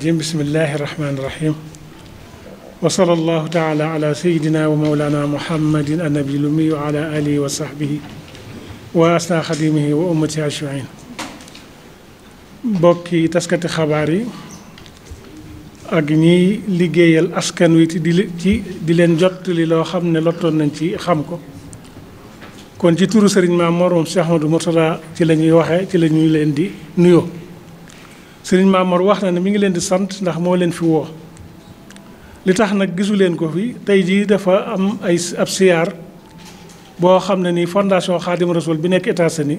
الرجيم بسم الله الرحمن الرحيم وصلى الله تعالى على سيدنا ومولانا محمد النبي الأمي وعلى آله وصحبه وأسنى خديمه وأمته أجمعين bokki taskati xabaar yi ak ñiy liggéeyal askan wi ci di ci di leen jottali loo xam ne lottoon nañ ci xam ko kon ci turu sëriñ Maam Mor moom Cheikh Ahmadou ci la ñuy waxee ci la ñuy leen di nuyoo sëriñ Maamoor wax na ne mi ngi leen di sant ndax moo leen fi woo li tax nag gisu leen ko fi tey jii dafa am ay ab siyaar boo xam ne ni fondation Xaadim Rasul bi nekk États-Unis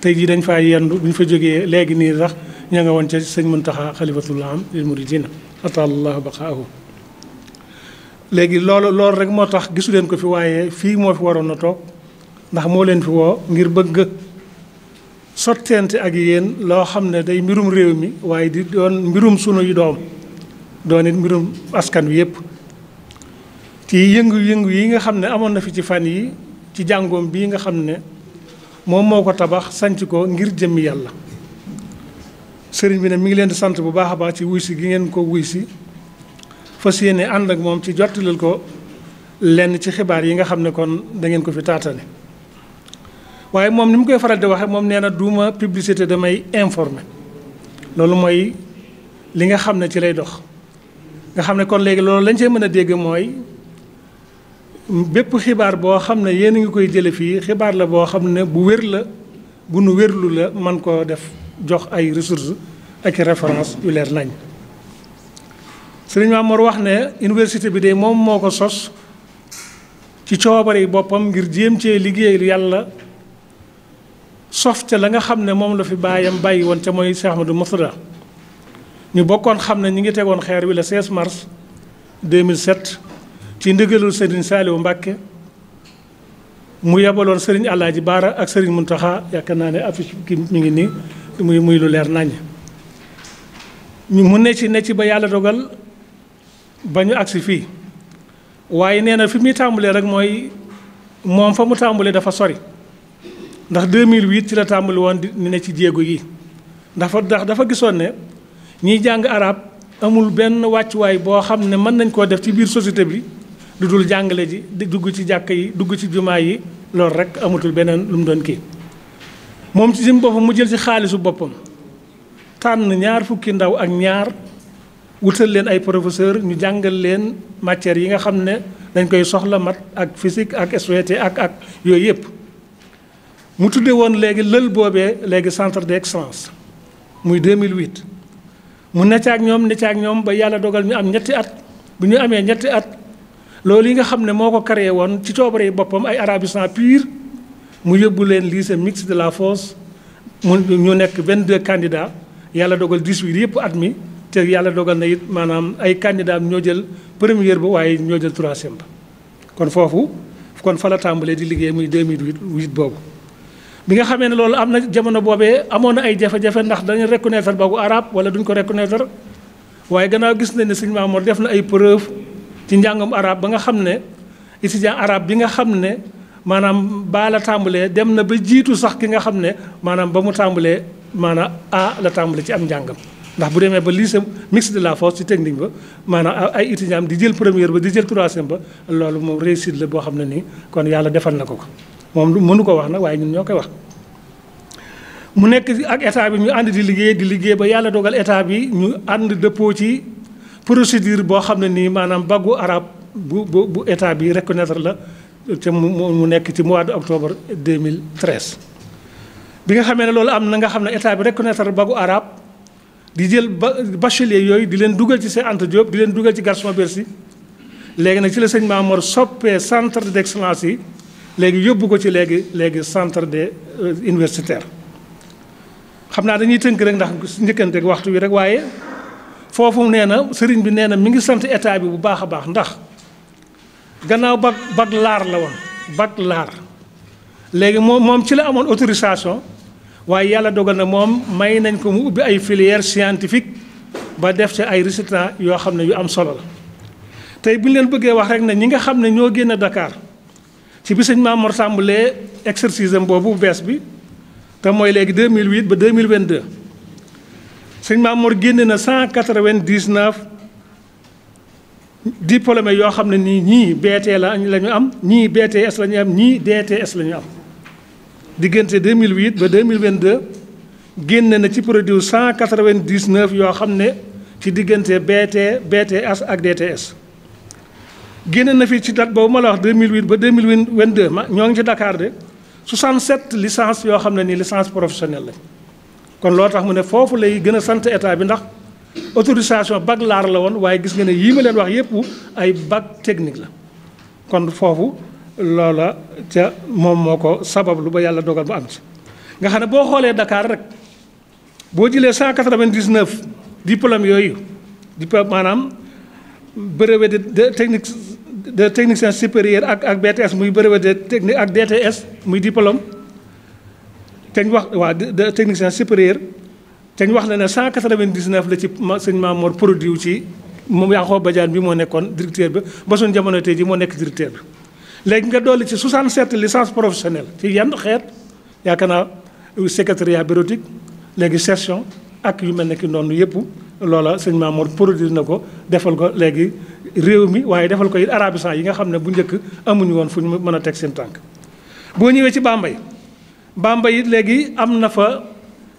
tey jii dañ fa yendu bu ñu fa jógee léegi nii sax ña nga woon ca sëñ Muntaxa xalifatullah am lil muridina atallaahu baqaahu léegi loolu loolu rek moo tax gisu leen ko fi waaye fii moo fi waroon a toog ndax moo leen fi woo ngir bëgg sotteente ak yéen loo xam ne day mbirum réew mi waaye di doon mbirum sunuy doom doon it mbirum askan wi yëpp ci yëngu-yëngu yi nga xam ne amoon na fi ci fan yi ci jàngoom bii nga xam ne moom moo ko tabax sanc ko ngir jëmmi yàlla sëriñ bi ne mi ngi leen sant bu baax a baax ci wuy si gi ngeen ko wuy si fas yéene ànd ak moom ci jottalil ko lenn ci xibaar yi nga xam ne kon dangeen ko fi taatale waaye moom ni mu koy faral di waxee moom nee na duuma publicité damay informé loolu mooy li nga xam ne ci lay dox nga xam ne kon léegi loolu lañ see mën a dégg mooy bépp xibaar boo xam ne yéen ngi koy jële fii xibaar la boo xam ne bu wér la bu nu wérlu la man koo def jox ay resource ak référence yu leer nañ sëriñ Mamour wax ne université bi de moom moo ko sos ci coobare yi boppam ngir jéem cee liggéey yàlla sof ca la nga xam ne moom la fi baayam bàyyi woon ca mooy Cheikh Ahmadou Mourtada ñu bokkoon xam ne ñu ngi tegoon xeer wi le 16 mars 2007 ci ndigalul Serigne Saliou Mbacke mu yebaloon Serigne Alaaji Baara ak Serigne Mountakha yaakaar naa ne affiche ki mi ngi nii muy muy lu leer naññ ñu mu ne ci ne ci ba yàlla dogal ba ñu agsi fii waaye nee na fi muy tàmbalee rek mooy moom fa mu tàmbalee dafa sori. ndax 2008 ci la tàmbali woon di ne ci jéego yi ndax dafa gisoon ne ñiy jàng arab amul benn wàccuwaay boo xam ne mën nañ koo def ci biir société bi lu dul jàngale ji dugg ci jàkk yi dugg ci jumaa yi loolu rek amatul beneen lu mu doon kii. moom ci sim boppam mu jël ci xaalisu boppam tànn ñaar fukki ndaw ak ñaar wutal leen ay professeur ñu jàngal leen matières yi nga xam ne dañ koy soxla mat ak physique ak SVT ak ak yooyu yëpp. mu tudde woon léegi lël boobee léegi centre d'excellence muy deux mille 2008 mu necc ak ñoom necc ak ñoom ba yàlla dogal ñu am ñetti at bu ñu amee ñetti at loolu yi nga xam ne moo ko créé woon ci coobare yi boppam ay arabisants pur mu yóbbu leen lycée mixte de la Fosse mu ñu nekk deux candidats yàlla dogal 18 yëpp at mi te yàlla dogal na it maanaam ay candidats ñoo jël première bi waaye ñoo jël troisième ba kon foofu kon fa la tàmbalee di liggéey muy 2008 boobu. bi nga xamee ne loolu am na jamono boobee amoon na ay jafe-jafe ndax dañu reconnaître bagu arab wala duñ ko reconnaître waaye gannaaw gis nañ ne sëñ Maamoor def na ay preuve ci njàngam arab ba nga xam ne étudiant arabe bi nga xam ne maanaam baa la tàmbalee dem na ba jiitu sax ki nga xam ne maanaam ba mu tàmbalee maanaam a la tàmbalee ci am njàngam ndax bu demee ba lycée mixte de la force ci technique ba maanaam ay étudiants di jël première ba di jël troisième ba loolu moom réussite la boo xam ne nii kon yàlla defal na ko ko. moom du mënu ko wax nag waaye ñun ñoo koy wax mu nekk ak état bi ñu ànd di liggéey di liggéey ba yàlla dogal état bi ñu ànd dëppoo ci procédure boo xam ne nii maanaam baggu arab bu bu bu état bi reconnaître la te mu mu nekk ci mois de mille 2013 bi nga xamee ne loolu am na nga xam ne état bi reconnaître baggu arab di jël ba bachelier yooyu di leen dugal ci Cheikh Anta Diop di leen dugal ci Gaston Berger léegi nag ci la sëñ Maamor soppee centre d'excellence yi léegi yóbbu ko ci léegi léegi centre de euh, universitaires xam naa dañuy tënk rek ndax njëkkante ak waxtu wi rek waaye foofu nee na sëriñ bi nee na mi ngi sant état bi bu baax a baax ndax gannaaw bac bac laar la woon bac laar léegi moom moom ci la amoon autorisation waaye yàlla dogal na moom may nañ ko mu ubbi ay filière scientifique ba def ci ay résultats yoo xam ne yu am solo la tey bu leen bëggee wax rek na ñi nga xam ne ñoo génn dakaar ci bi sëñ Maam Mor tàmbalee exercice boobu bees bi te mooy léegi 2008 ba 2022 sëñ Maam Mor génne na 199 diplômé yoo xam ne nii ñii BT la la am ñii BTS la am ñii DTS la ñu am diggante 2008 ba 2022 génne na ci produit 199 yoo xam ne ci diggante BT BTS ak DTS. génne na fi ci date boobu ma la wax 2008 ba 2022 ma ñoo ngi ci Dakar de 67 licence yoo xam ne nii licence professionnelle lañ kon loo tax mu ne foofu lay gën a sant état bi ndax autorisation bac laar la woon waaye gis nga ne yii ma leen wax yëpp ay bac technique la kon foofu loola ca moom moo ko sabab lu ba yàlla dogal ba am ci nga xam ne boo xoolee dakaar rek boo jëlee 199 diplôme yooyu diplôme maanaam brevet de technique de technicien supérieur ak ak BTS muy brevet de technique ak DTS muy diplôme te wax waa de technicien supérieur te wax la ne 199 la ci ma sëñ Mamour produit ci moom Yankhoba Badiane bi moo nekkoon directeur bi ba suñu jamono tey ji moo nekk directeur bi. léegi nga dolli ci 67 licence professionnelle ci yan xeet yaakaar naa secrétariat bureautique léegi session ak yu mel ne ki noonu yëpp loola sëñ Mamour produit na ko defal ko léegi. réew mi waaye defal ko it arabisant yi nga xam ne bu njëkk amuñu woon fu ñu mën a teg seen tànk boo ñëwee ci Bambey Bambey it léegi am na fa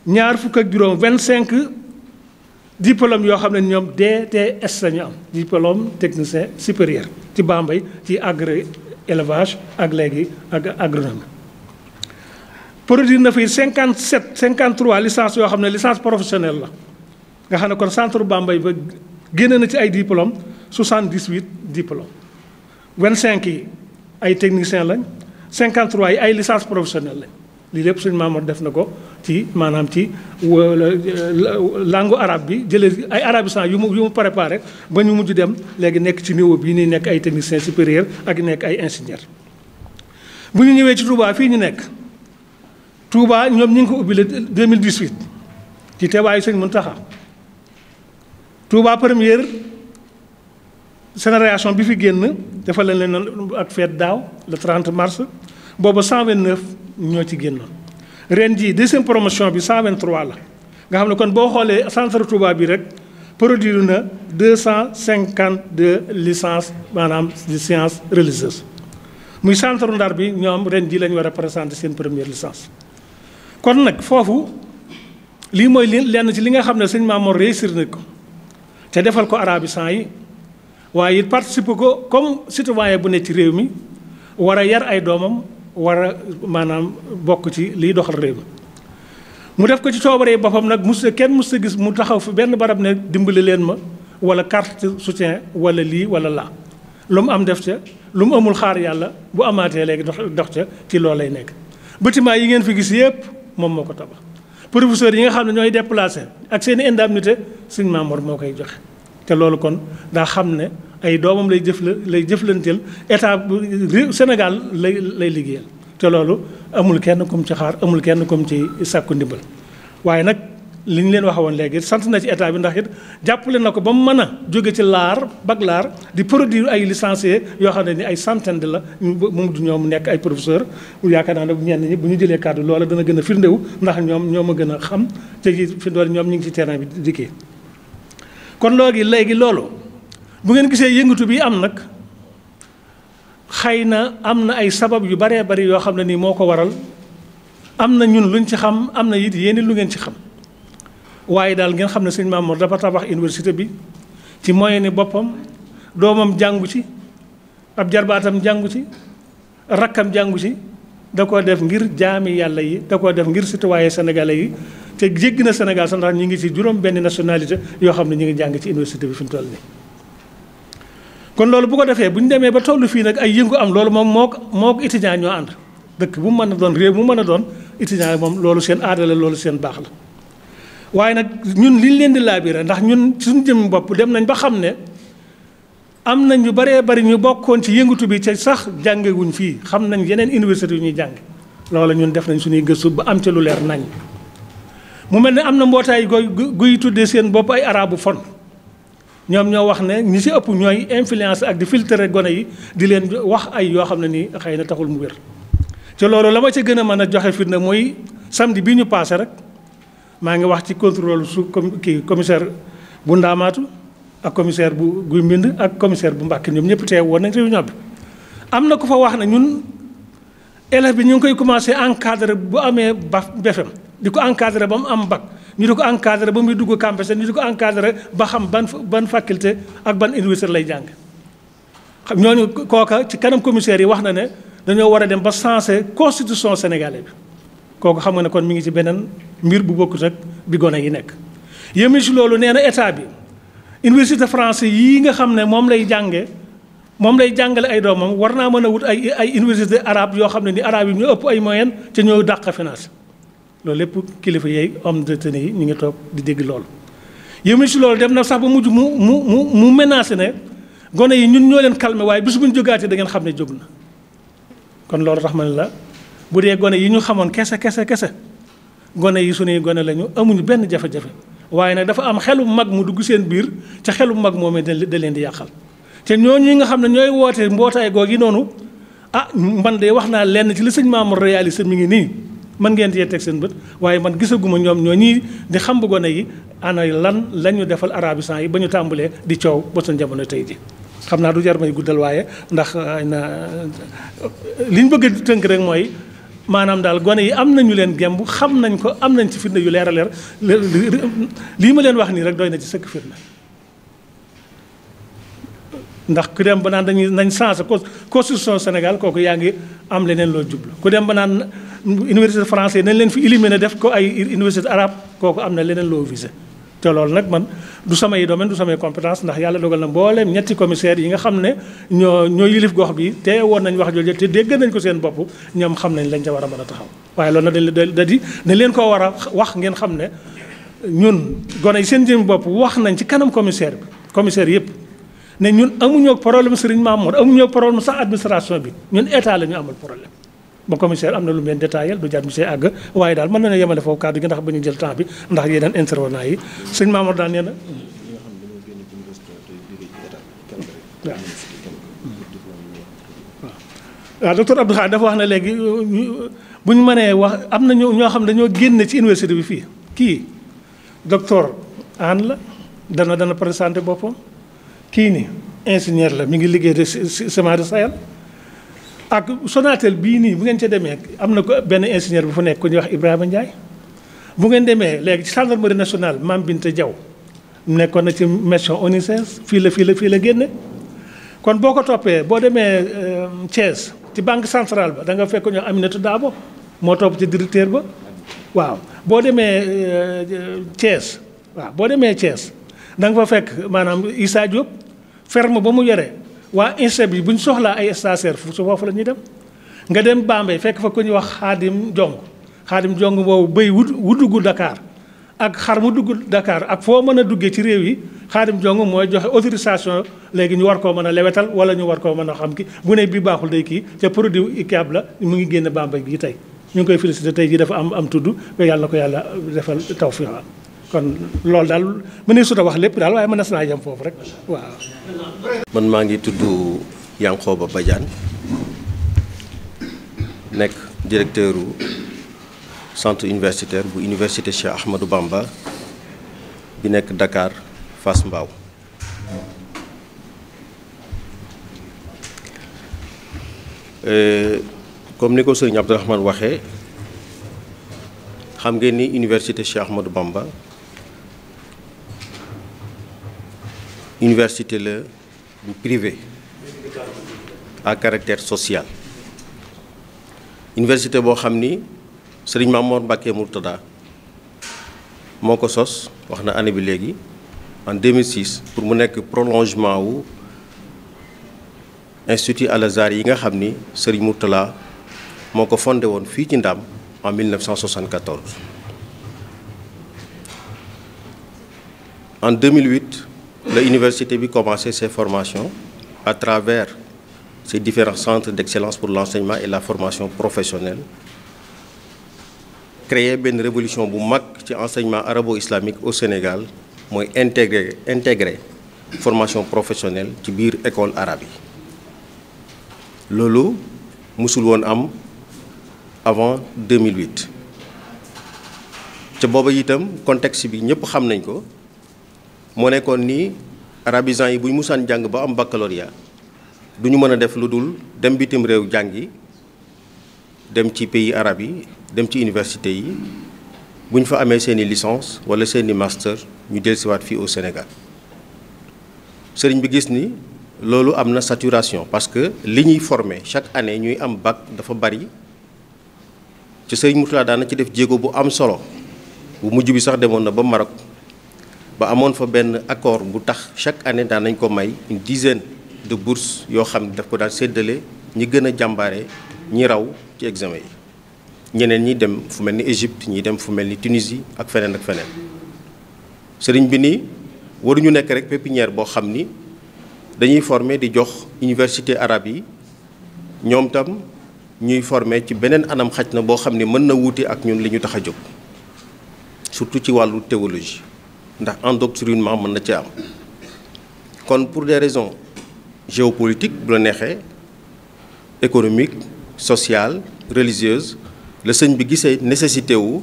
ñaar fukk ak juróom vingt cinq diplôme yoo xam ne ñoom DTS la ñu am diplôme technicien supérieur ci Bambey ci agri élevage ak léegi ak agronomie produire na fi cinquante sept cinquante trois licence yoo xam ne licence professionnelle la nga xam ne kon centre Bambey ba génne na ci ay diplôme dix 78 diplômes cinq yi ay techniciens lañ 53 yi ay licence professionnelle lañ lii lépp suñu maamoor def na ko ci maanaam ci euh, langue arab bi jëlee ay arabisants yu mu yu mu préparé ba ñu mujj dem léegi nekk ci niveau bii nii nekk ay techniciens supérieurs ak nekk ay ingénieurs. bu ñu ñëwee ci Touba fii ñu nekk Touba ñoom ñu ngi ko ubbi le 2018 ci teewaayu sëñ Mountakha Touba première. génération bi fi génn dafa leen leen ak feet daaw le 30 mars booba 129 ñoo ci génnoon ren jii deuxième promotion bi 123 la nga xam ne kon boo xoolee centre Touba bi rek produire na 252 licences maanaam de sciences religieuses muy centre Ndar bi ñoom ren jii la ñu war a présenter seen première licence kon nag foofu lii mooy lenn ci li nga xam ne sëñ Mamour réussir na ko te defal ko arabisants yi waaye it participer ko comme citoyen bu nekk ci réew mi war a yar ay doomam war a maanaam bokk ci liy doxal réew mi mu def ko ci coobaree boppam nag mus kenn mus sa gis mu taxaw fi benn barab ne dimbali leen ma wala carte soutien wala lii wala laa lu mu am def ca lu mu amul xaar yàlla bu amaatee léegi dox dox ca ci loolu lay nekk bâtiment yi ngeen fi gis yëpp moom moo ko tabax professeur yi nga xam ne ñooy déplacé ak seen i indemnité suñ maamoor moo koy joxe te loolu kon daa xam ne ay doomam lay jëf lay jëflanteel état bu Sénégal lay lay liggéeyal te loolu amul kenn comme ci xaar amul kenn comme ci sàkku ndimbal waaye nag li ñu leen waxoon léegi sant na ci état bi ndax it jàppale na ko ba mu mën a jóge ci laar bag laar di produire ay licenciés yoo xam ne ni ay centaine de la mu du ñoom nekk ay professeur yaakaar naa ne ñenn ñi bu ñu jëlee kàddu loola dana gën a firndéwu ndax ñoom ñoo ma gën a xam te fi doon ñoom ñu ngi ci terrain bi dikkee kon loogi léegi loolu bu ngeen gisee yëngatu bi am nag xëy na am na ay sabab yu baree bari yoo xam ne nii moo ko waral am na ñun luñ ci xam am na yit yéen lu ngeen ci xam waaye daal ngeen xam ne seen Mamour dafa tabax université bi ci moyen ni boppam doomam jàngu ci ab jarbaatam jàngu ci rakkam jàngu ci da koo def ngir jaami yàlla yi da koo def ngir citoyen sénégalais yi te jéggi na Sénégal sax ndax ñu ngi ci juróom benn nationalité yoo xam ne ñu ngi jàng ci université bi fi mu toll nii. kon loolu bu ko defee bu ñu demee ba tollu fii nag ay yëngu am loolu moom moo moo ko étudiant ñoo ànd dëkk bu mu mën a doon réew mu mën a doon étudiant yi moom loolu seen aada la loolu seen baax la waaye nag ñun liñ leen di laabiré ndax ñun su suñu jëm bopp dem nañ ba xam ne. am na ñu baree bari ñu bokkoon ci yëngatu bi ca sax jàngewuñ fii xam nañ yeneen université yu ñuy jàng loola ñun def nañ suñuy gëstu ba am ca lu leer nañ mu mel ni am na mbootaay goy guy tuddee seen bopp ay arabu fon ñoom ñoo wax ne ñi ci ëpp ñooy influence ak di filtre gone yi di leen wax ay yoo xam ne nii xëy na taxul mu wér ci loolu la ma ca gën a mën a joxe fitna mooy samedi bii ñu paase rek maa ngi wax ci contrôle su kii commissaire bu ndaamaatu ak commissaire bu guy mbind ak commissaire bu Mbàkke ñoom ñëpp teew woon nañ réunion bi am na ku fa wax ne ñun élève bi ñu ngi koy commencé encadré bu amee ba BFEM di ko encadré ba mu am bac ñu di ko encadré ba muy dugg campus ñu di ko encadré ba xam ban ban faculté ak ban université lay jàng xam ñooñu kooka ci kanam commissaire yi wax na ne dañoo war a dem ba sensé constitution sénégalais bi kooku xam nga ne kon mu ngi ci beneen mbir bu bokkut ak bi gone yi nekk yëmi si loolu nee na état bi université français yii nga xam ne moom lay jànge moom lay jàngale ay doomam war naa mën a wut ay ay université arabe yoo xam ne ni arabe yi ñu ëpp ay moyen ca ñoo dàq finance loolu lépp kilifa yeeg homme de tenue yi ñu ngi toog di dégg loolu. yëngu si loolu dem na sax ba mujj mu mu mu mu menacé ne gone yi ñun ñoo leen calmé waaye bis bu ñu jógaatee da ngeen xam ne jóg na kon loolu tax ma ne la bu dee gone yi ñu xamoon kese kese kese gone yi suñuy gone lañu amuñu benn jafe waaye nag dafa am xelum mag mu dugg seen biir ca xelum mag moomee da leen di yàqal te ñooñu ñi nga xam ne ñooy woote mbootaay googi noonu ah man de wax naa lenn ci li sëñ Mamour réalisé mi ngi nii man ngeen di teg seen bët waaye man gisaguma ñoom ñoo ñii di xam bu gone yi ana lan la ñu defal arabisant yi ba ñu tàmbalee di coow ba suñ jamono tey ji xam naa du jar may guddal waaye ndax ah, na li ñu bëgg a tënk rek mooy maanaam daal gone yi am nañu leen gemb xam nañ ko am nañ ci firnde yu leer a leer lii ma leen wax nii rek doy na ci sëkk firnde ndax ku dem ba naan dañuy nañ changé constitution Sénégal kooku yaa ngi am leneen loo jublu ku dem ba naan université français nañ leen fi éliminer def ko ay université arabe kooku am na leneen loo visé te loolu nag man du samay domaine du samay compétence ndax yàlla dogal na mbooleem ñetti commissaire yi nga xam ne ñoo ñoo yilif gox bi te woon nañ wax jooju te dégg nañ ko seen bopp ñoom xam nañ lañ ca war a mën a taxaw waaye loolu nag dañ da di dañ leen koo war a wax ngeen xam ne ñun gone yi seen jëm bopp wax nañ ci kanam commissaire bi commissaire yëpp ne ñun amuñoo problème Serigne Mamour amuñoo problème sax administration bi ñun état la ñu amal problème ba commissaire am na lu mu leen détaillé du jar mu see àgg waaye daal mën na ne yemale foofu kàddu gi ndax ba ñu jël temps bi ndax yeneen intervenant yi sëñ Mamour daal nee na waaw léegi bu ñu wax am na ñoo xam ne dañoo génn ci université bi fii kii docteur la dana dana présenté boppam kii ni ingénieur la mu ngi liggéey de semence de Sahel ak Sonatel bii nii bu ngeen ca demee am na ko benn ingénieur bu fa nekk ku ñuy wax Ibrahima Ndiaye bu ngeen demee léegi national gendarmerie nationale te jaw mu nekkoon na ci mission ONICES fii la fii la fii la génne. kon boo ko toppee boo demee euh, Thiès ci banque centrale ba da nga fekk ñoo Aminata Dabo moo topp ci directeur ba waaw boo demee euh, Thiès waaw boo demee Thiès da nga fa fekk maanaam Issa Diop ferme ba mu yore. waa INSEP yi bu ñu soxlaa ay stagiaires fu su foofu la ñuy dem nga dem Bambey fekk fa ko ñuy wax xaadim jong xaadim jong boobu bëy wu dugg Dakar ak xar mu dugg dakaar ak foo mën a duggee ci réew yi xaadim jong mooy joxe autorisation léegi ñu war koo mën a lewetal wala ñu war koo mën a xam ki bu ne bi baaxul day kii te produit ICAB la mu ngi génn Bambey bii tey ñu ngi koy félicité tey ji dafa am am tudd yàlla ko yàlla defal taw tawfiq kon loolu daal mën ne suta wax lépp daal waaye mën na naa yem foofu rek waaw. maa ngi tudd Yankhoba Badiane nekk directeur centre universitaire bu université Cheikh Ahmadou Bamba bi nekk Dakar Fass Mbao euh, comme ni ko sëñ Abdourahmane waxee xam ngeen ni université Cheikh Ahmadou Bamba université la bu privé à caractère social université boo xam ni sëriñ Mamoor Mbàkke Murtada moo ko sos wax na année bi léegi en 2006 pour mu nekk prolongement wu institut al yi nga xam ni sëriñ Murtada moo ko fondé woon fii ci Ndaam en 1974 en 2008 la université bi commencé ses formation à travers ces différents centres d'excellence pour l'enseignement et la formation professionnelle créer benn révolution bu mag ci enseignement arabo-islamique au Sénégal mooy intégrer intégrer formation professionnelle ci biir école arabe loolu mosul woon am avant 2008 ca booba itam contexte bi ñëpp xam nañ ko moo nekkoon nii arabisants yi bu ñu musaan jàng ba am baccalauréat du ñu mën a def lu dul dem bitim réew jàngi dem ci pays arab yi dem ci université yi buñ fa amee seen i licence wala seen i master ñu dellusiwaat fii au Sénégal sëriñ bi gis ni loolu am na saturation parce que li ñuy former chaque année ñuy am bac dafa bari ci sëriñ Mourtada daana ci def jéego bu am solo bu mujj bi sax demoon na ba Maroc ba amoon fa benn accord bu tax chaque année daan nañ ko may une dizaine de bourses yoo xam ne daf ko daan séddale ñi gën a jàmbaare ñi raw ci examen yi ñeneen ñi dem fu mel ni Égypte ñi dem fu mel ni Tunisie ak feneen ak feneen sëriñ bi nii waruñu nekk rek pépinière boo xam ni dañuy former di jox université arab yi ñoom tam ñuy former ci beneen anam xaj na boo xam ni mën na wuute ak ñun li ñu tax a jóg surtout ci wàllu théologie ndax endoctrinement mën na ci am kon pour des raisons géopolitiques bu la neexee économique sociale religieuse la sëñ bi gisee nécessité wu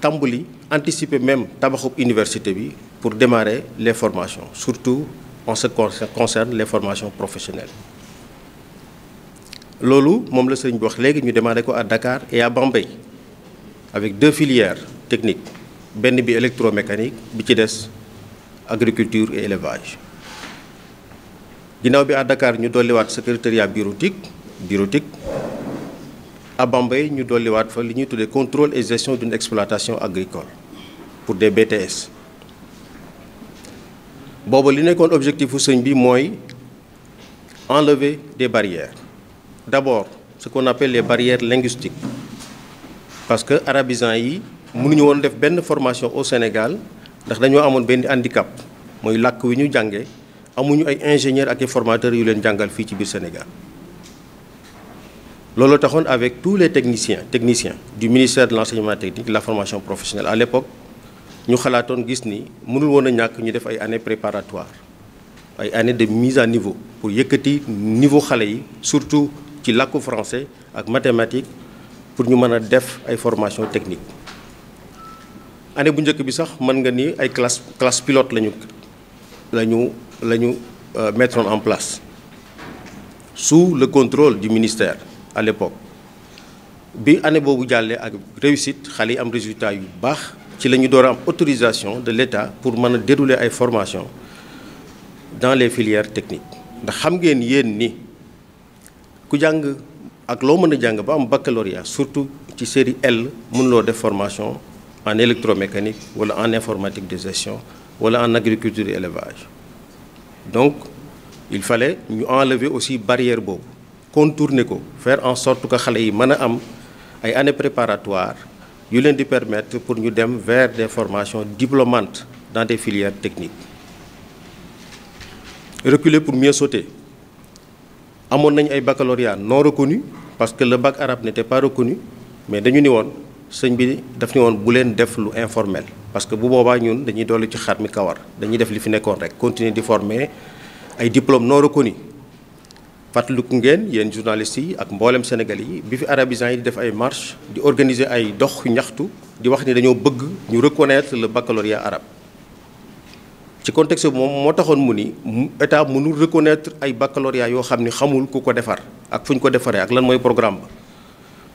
tàmbali anticiper même tabaxub université bi pour démarrer les formations surtout en ce qui concerne les formations professionnelles loolu moom la sëñ bi wax léegi ñu démarrer ko à Dakar et à Bambey avec deux filières techniques benn bi électromécanique bi ci des agriculture et élevage ginnaaw bi à Dakar ñu dolliwaat sa bureautique bureautique à Bambey ñu dolliwaat fa li ñuy tuddee contrôle et gestion d'une exploitation agricole pour des BTS booba li nekkoon objectif u sëñ bi mooy enlever des barrières d'abord ce kon appelle les barrières parce que arabisants yi mënuñu woon def benn formation au Sénégal ndax dañoo amoon benn handicap mooy làkk wi ñu jàngee amuñu ay ingénieur ak ay formateurs yu leen jàngal fii ci biir Sénégal loolu taxoon avec tous les techniciens techniciens du ministère de l'enseignement technique de la formation professionnelle à l'époque ñu xalaatoon gis ni mënul woon a ñàkk ñu def ay années préparatoires ay années de mise à niveau pour yëkkati niveau xale yi surtout ci làkku français ak mathématiques pour ñu mën a def ay formations techniques année bu njëkk bi sax mën nga ni ay classe classe pilote lañu lañu la ñu euh, mettre en place sous le contrôle du ministère à l'époque bi année boobu jàllee ak réussite xale yi am résultat yu baax ci la ñu door a am autorisation de l'État pour mën a dérouler ay formation dans les filières techniques ndax xam ngeen yéen ni ku jàng ak loo mën a jàng ba am baccalauréat surtout ci série elle mënuloo def formation en électromécanique wala en informatique de gestion wala en agriculture et élevage donc il fallait ñu enlever aussi barrière boobu contourner ko faire en sorte que xale yi mën a am ay années préparatoires yu leen di permettre pour ñu dem vers des formations diplômantes dans des filières techniques reculer pour mieux sauter amoon nañu ay baccalauréat non reconnu parce que le bac arabe n'était pas reconnu mais dañu ni woon sëñ bi daf ñu woon bu leen def lu informel parce que bu boobaa ñun dañuy dolli ci xar mi kawar dañuy def li fi nekkoon rek continuer di former ay diplôme non reconnu fàttaliku ngeen yéen journalistes yi ak mbooleem Sénégal yi bi fi arabisants yi di def ay marche di organiser ay dox ñaxtu di wax ni dañoo bëgg ñu reconnaître le baccalauréat arabe ci contexte bi moom moo taxoon mu ni état mënul reconnaître ay baccalauréat yoo xam ni xamul ku ko defar ak fu ko defaree ak lan mooy programme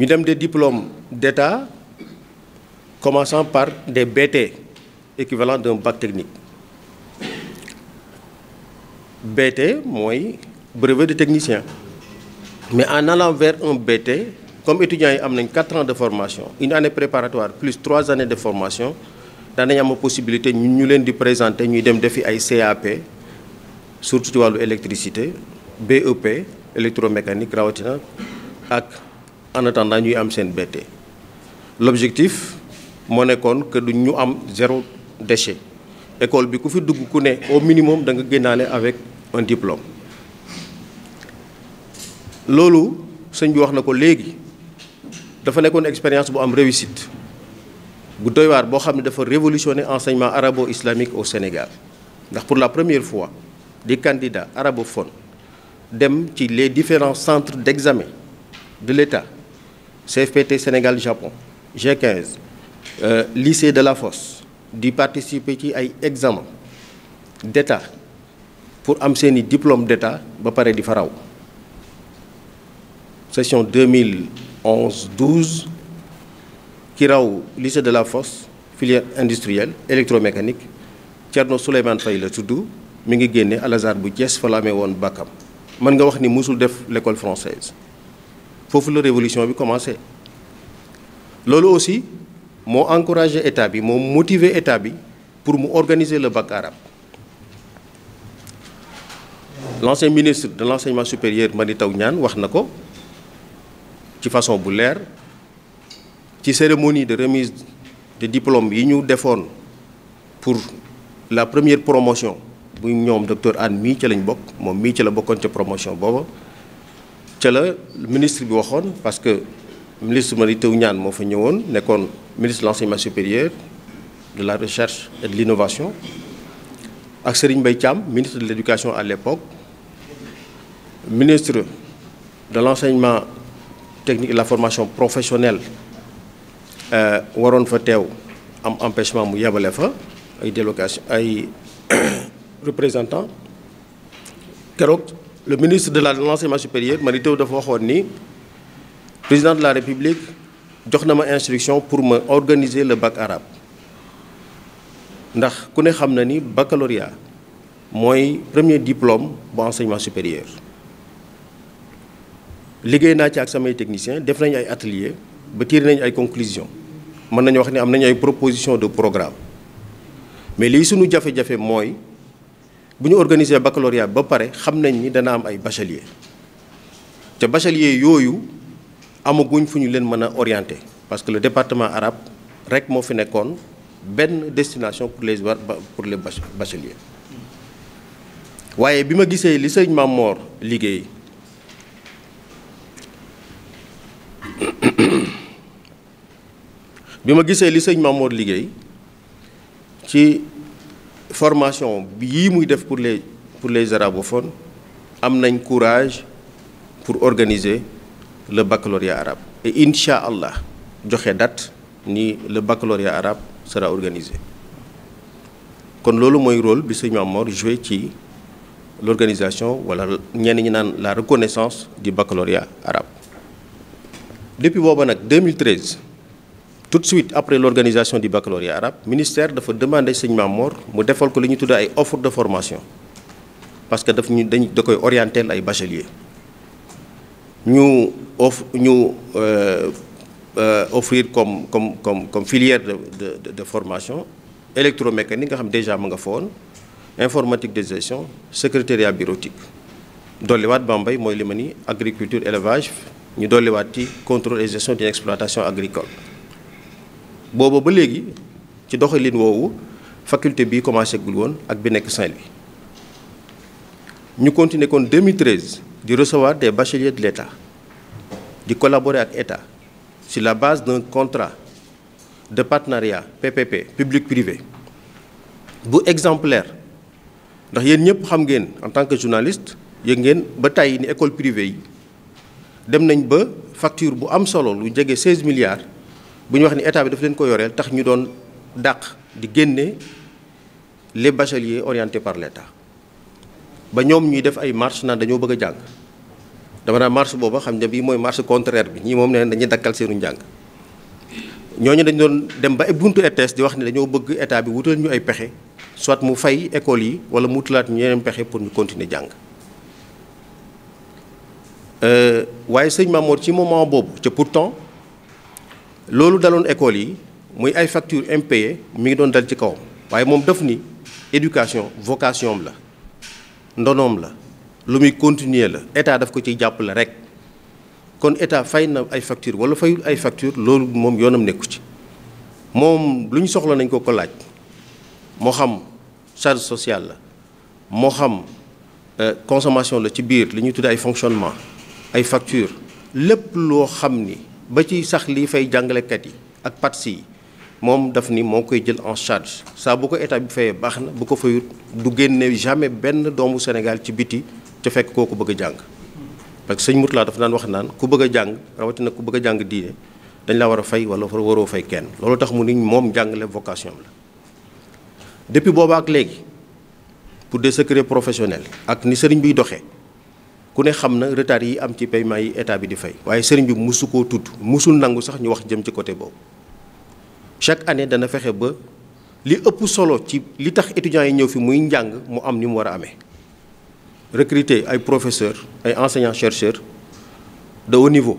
ñu dem des diplômes d'État commençant par des BT équivalent d'un bac technique BT mooy brevet de technicien mais en allant vers un BT comme étudiants yi am nañ quatre ans de formation une année préparatoire plus trois années de formation daanañ am possibilité ñu ñu leen di présenter ñuy dem defi ay CAP surtout ci wàllu électricité BEP électromécanique rawatina ak en attendant ñuy am seen BT l'objectif moo nekkoon que du ñu am zéro déchet école bi ku fi dugg ku ne au minimum da nga génnaale avec un diplôme loolu sëñ bi wax na ko léegi dafa nekkoon expérience bu am réussite bu doy waar boo xam ne dafa révolutionner enseignement arabo islamique au Sénégal ndax pour la première fois di des candidats arabophones dem ci les différents centres d'examen de l'État CFPT Sénégal Japon G15 euh, lycée de la Fosse di participer ci ay examen d'état pour am seeni diplôme d'état ba pare di faraw session 2011 12 ki raw lycée de la Fosse filière industrielle électromécanique Thierno Souleymane Faye la tudd mu ngi génne Al bu jees fa la amee woon bakkam mën nga wax ni mosul def l'école française foofu la révolution bi commencé loolu aussi moo encouragé état bi moo motiver état bi pour mu organiser le bac arabe l'ancien ministre de l'enseignement supérieur Mary Teuw Niane wax na ko ci façon bu leer ci cérémonie de remise de diplôme yi ñu defoon pour la première promotion bu ñoom docteur Anne mii ci lañ bokk moom mii ci la bokkoon ca promotion booba ca la ministre bi waxoon parce que ministre Mary Teuw Niane moo fa ñëwoon nekkoon ministre de l'enseignement supérieur de la recherche et de l'innovation ak Serigne Mbaye Thiam ministre de l'éducation à l'époque ministre de l'enseignement technique de la formation professionnelle euh, waroon fa teew am empêchement mu yebale fa ay délocation ay représentant keroog le ministre de la l'enseignement supérieur Mary Teuw dafa waxoon ni président de la république jox na ma instruction pour ma organiser le bac arabe ndax ku ne xam na ni bacaloria mooy premier diplôme bu enseignement supérieur liggéey naa ci ak samay technicien def nañu ay atelier ba tiir nañu ay conclusion mën nañu wax ni am nañu ay proposition de programme mais lii suñu jafe-jafe mooy bu ñu organiser baccalauréat ba pare xam nañ ni dana am ay bachelier te bachelier yooyu amaguñ fu ñu leen mën a orienté parce que le département arab rek moo fi nekkoon benn destination pour les pour les bacheliers waaye bi ma gisee li sëñ Mamor liggéey bi ma gisee li sëñ Mamor liggéey ci formation yii muy def pour les pour les arabophones am nañ courage pour organiser le baccalauréat arabe et incha allah joxe dat ni le baccalauréat arabe sera organiser kon loolu mooy rôle bi sëñ Mamor joué ci l'organisation wala ñenn ñi naan la reconnaissance du baccalauréat arabe depuis booba nag 2013. tout de suite après l'organisation du baccalauréat arabe ministère dafa demander sëñ Mamor mu defal ko li ñu tuddee ay offre de formation parce que daf ñu dañ da koy orienter ay bachelier ñu offre ñu euh, euh, offrir comme comme comme comme filière de de de formation électromécanique nga xam déjà ma nga foon informatique de gestion secrétariat bureautique dolliwaat bambay mooy li ma agriculture élevage ñu dolliwaat ci contrôle et gestion d'une exploitation agricole. booba ba léegi ci doxalin woowu faculté bi commencé gul woon ak bi nekk Saint-Louis ñu continuer kon 2013 di recevoir des bacheliers de l'État di collaborer ak État sur la base d'un contrat de partenariat PPP public privé bu exemplaire ndax yéen ñëpp xam ngeen en tant que journaliste yëg ngeen ba tàyyi ni école privée yi dem nañ ba facture bu am solo lu jege 16 milliards bu ñu wax ni état bi daf leen ko yoreel tax ñu doon dàq di génne les bacheliers orientés par l'état ba ñoom ñuy def ay marche naan dañoo bëgg a jàng dama naa marche booba xam ne bii mooy marche contraire bi ñii moom nee dañuy dakkal seenu njàng. ñooñu dañu doon dem ba buntu ETS di wax ne dañoo bëgg état bi wutal ñu ay pexe soit mu fay école yi wala mu wutalaat ñu yeneen pexe pour ñu continuer jàng euh, waaye sëñ Mamour ci moment boobu ca temps loolu daloon école yi muy ay facture impayée mi ngi doon dal ci kawam waaye moom daf ni éducation vocation am la ndonoom la lu muy continuer la état daf ko ciy jàppale rek kon état fay na ay facture wala fayul ay facture loolu moom yoonam nekku ci moom lu ñu soxla nañ ko ko laaj moo xam charge sociale la moo xam euh, consommation la ci biir li ñuy tudd ay fonctionnement ay facture lépp loo xam ni ba ci sax lii fay jàngalekat yi ak PATS yi moom daf ni moo koy jël en charge saa bu ko état bi fayee baax na bu ko fayut du génnee jamais benn doomu Sénégal ci biti te fekk kooku bëgg a jàng parce que sëñ laa dafa daan wax naan ku bëgg a jàng rawatina ku bëgg a jàng diine dañ laa war a fay wala waroo fay kenn loolu tax mu ni moom jàngale vocation la depuis booba ak léegi pour des secrets professionnel ak ni sëriñ biy doxee ku ne xam na retard yi am ci payment yi état bi di fay. waaye sëriñ bi musu koo tudd musul nangu sax ñu wax jëm ci côté boobu chaque année dana fexe ba li ëpp solo ci li tax étudiants yi ñëw fi muy njàng mu am ni mu war a amee recruter ay professeurs ay enseignants chercheurs de au niveau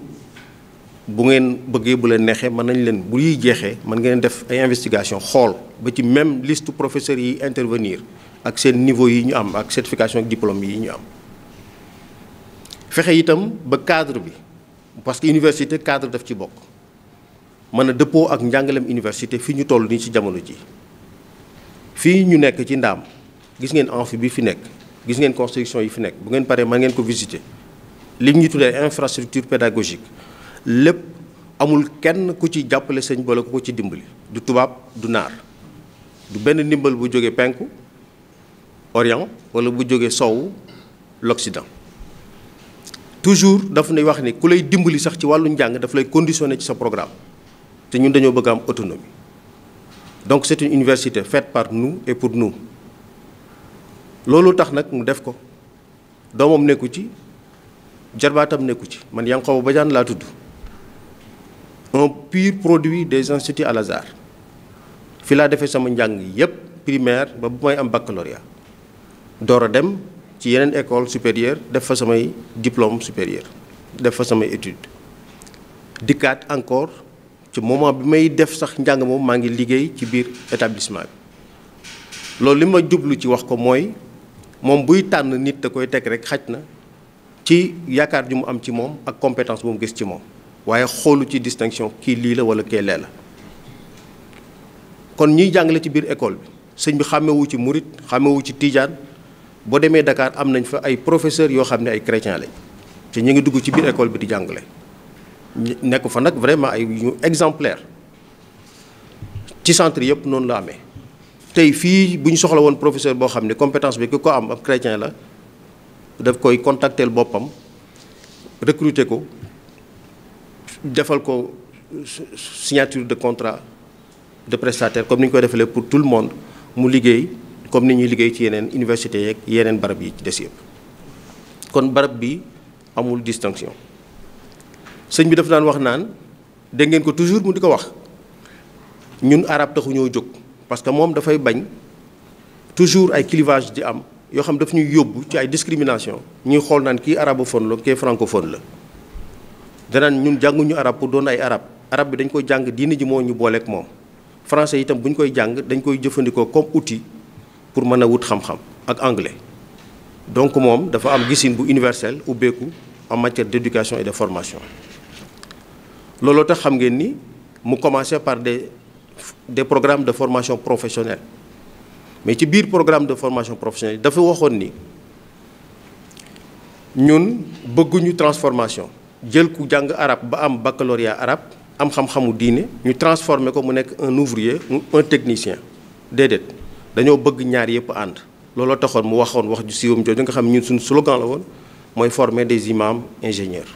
bu ngeen bëggee bu leen neexee mën nañ leen bu yi jeexee mën ngeen def ay investigation xool ba ci même liste professeurs yi intervenir ak seen niveau yi ñu am ak certification ak yi ñu am. fexe itam ba cadre bi parce que université cadre daf ci bokk mën a dëppoo ak njàngaleem université fi ñu toll nii ci jamono ji fii ñu nekk ci ndaam gis ngeen amphi bi fi nekk gis ngeen construction yi fi nekk bu ngeen paree mën ngeen ko visité li ñu tuddee infrastructure pédagogique lépp amul kenn ku ci jàppale sëñ boole ku ko ci dimbali du tubaab du naar du benn ndimbal bu jógee penku orient wala bu jógee sow l'Occident toujours daf nay wax ni ku lay dimbali sax ci wàllu njàng daf lay conditionné ci sa programme te ñun dañoo bëgg am autonomie donc c'est une université faite part nous et pour nous loolu tax nag mu def ko doomam nekku ci jarbaatam nekku ci man ba Badiane laa tudd un pur produit des instituts Al Azhar fi laa defee sama njàng yépp primaire ba bu may am baccalauréat door a dem ci yeneen école supérieur def fa samay diplôme supérieur def fa samay étude dikkaat encore ci moment bi may def sax njàng moom maa ngi liggéey ci biir établissement bi loolu li ma jublu ci wax ko mooy moom buy tànn nit da koy teg rek xaj na ci yaakaar ju mu am ci moom ak compétence bu mu gis ci moom waaye xoolu ci distinction kii lii la wala kee lee la kon ñiy jàngale ci biir école bi sëñ bi xàmmewu ci murit xàmmewu ci tiijaan boo demee Dakar am nañ fa ay professeurs yoo xam ne ay chrétiens lañ te ñu ngi dugg ci biir école bi di jàngale nekk fa nag vraiment ay ñu exemplaire ci centre yëpp noonu la amee tey fii bu ñu soxla woon professeur boo xam ne compétence bi ki ko am ab chrétien la daf koy contacteel boppam recruter ko defal ko signature de contrat de prestataire comme ni ñu koy defalee pour tout le monde mu liggéey. comme ni ñuy liggéey ci yeneen université yeeg yeneen barab yi ci des yëpp kon barab bi amul distinction sëñ bi dafa daan wax naan dégg ngeen ko toujours mu di ko wax ñun arab taxuñoo jóg parce que moom dafay bañ toujours ay clivage di am yoo xam daf ñuy yóbbu ci ay discrimination ñuy xool naan kii arabophone la kii francophone la danaan ñun jànguñu arab pour doon ay arab arab bi dañ koy jàng diine ji moo ñu booleek moom français itam bu ñu koy jàng dañ koy jëfandikoo comme outil pour mën a wut xam-xam ak anglais donc moom dafa am gisin bu universel ubbeeku en matière d'éducation et de formation looloo tax xam ngeen ni mu commencé par des des programme de formation professionnelle mais ci biir programme de formation professionnelle dafa waxoon ni ñun bëgguñu transformation jël ku jàng arab ba am baccalauréat arabe am xam-xamu diine ñu transformer ko mu nekk un ouvrier un technicien déedéet dañoo bëgg ñaar yëpp ànd looloo taxoon mu waxoon wax ju siiwam jooju nga xam ñu suñ suñu slogan la woon mooy forme des imams ingénieurs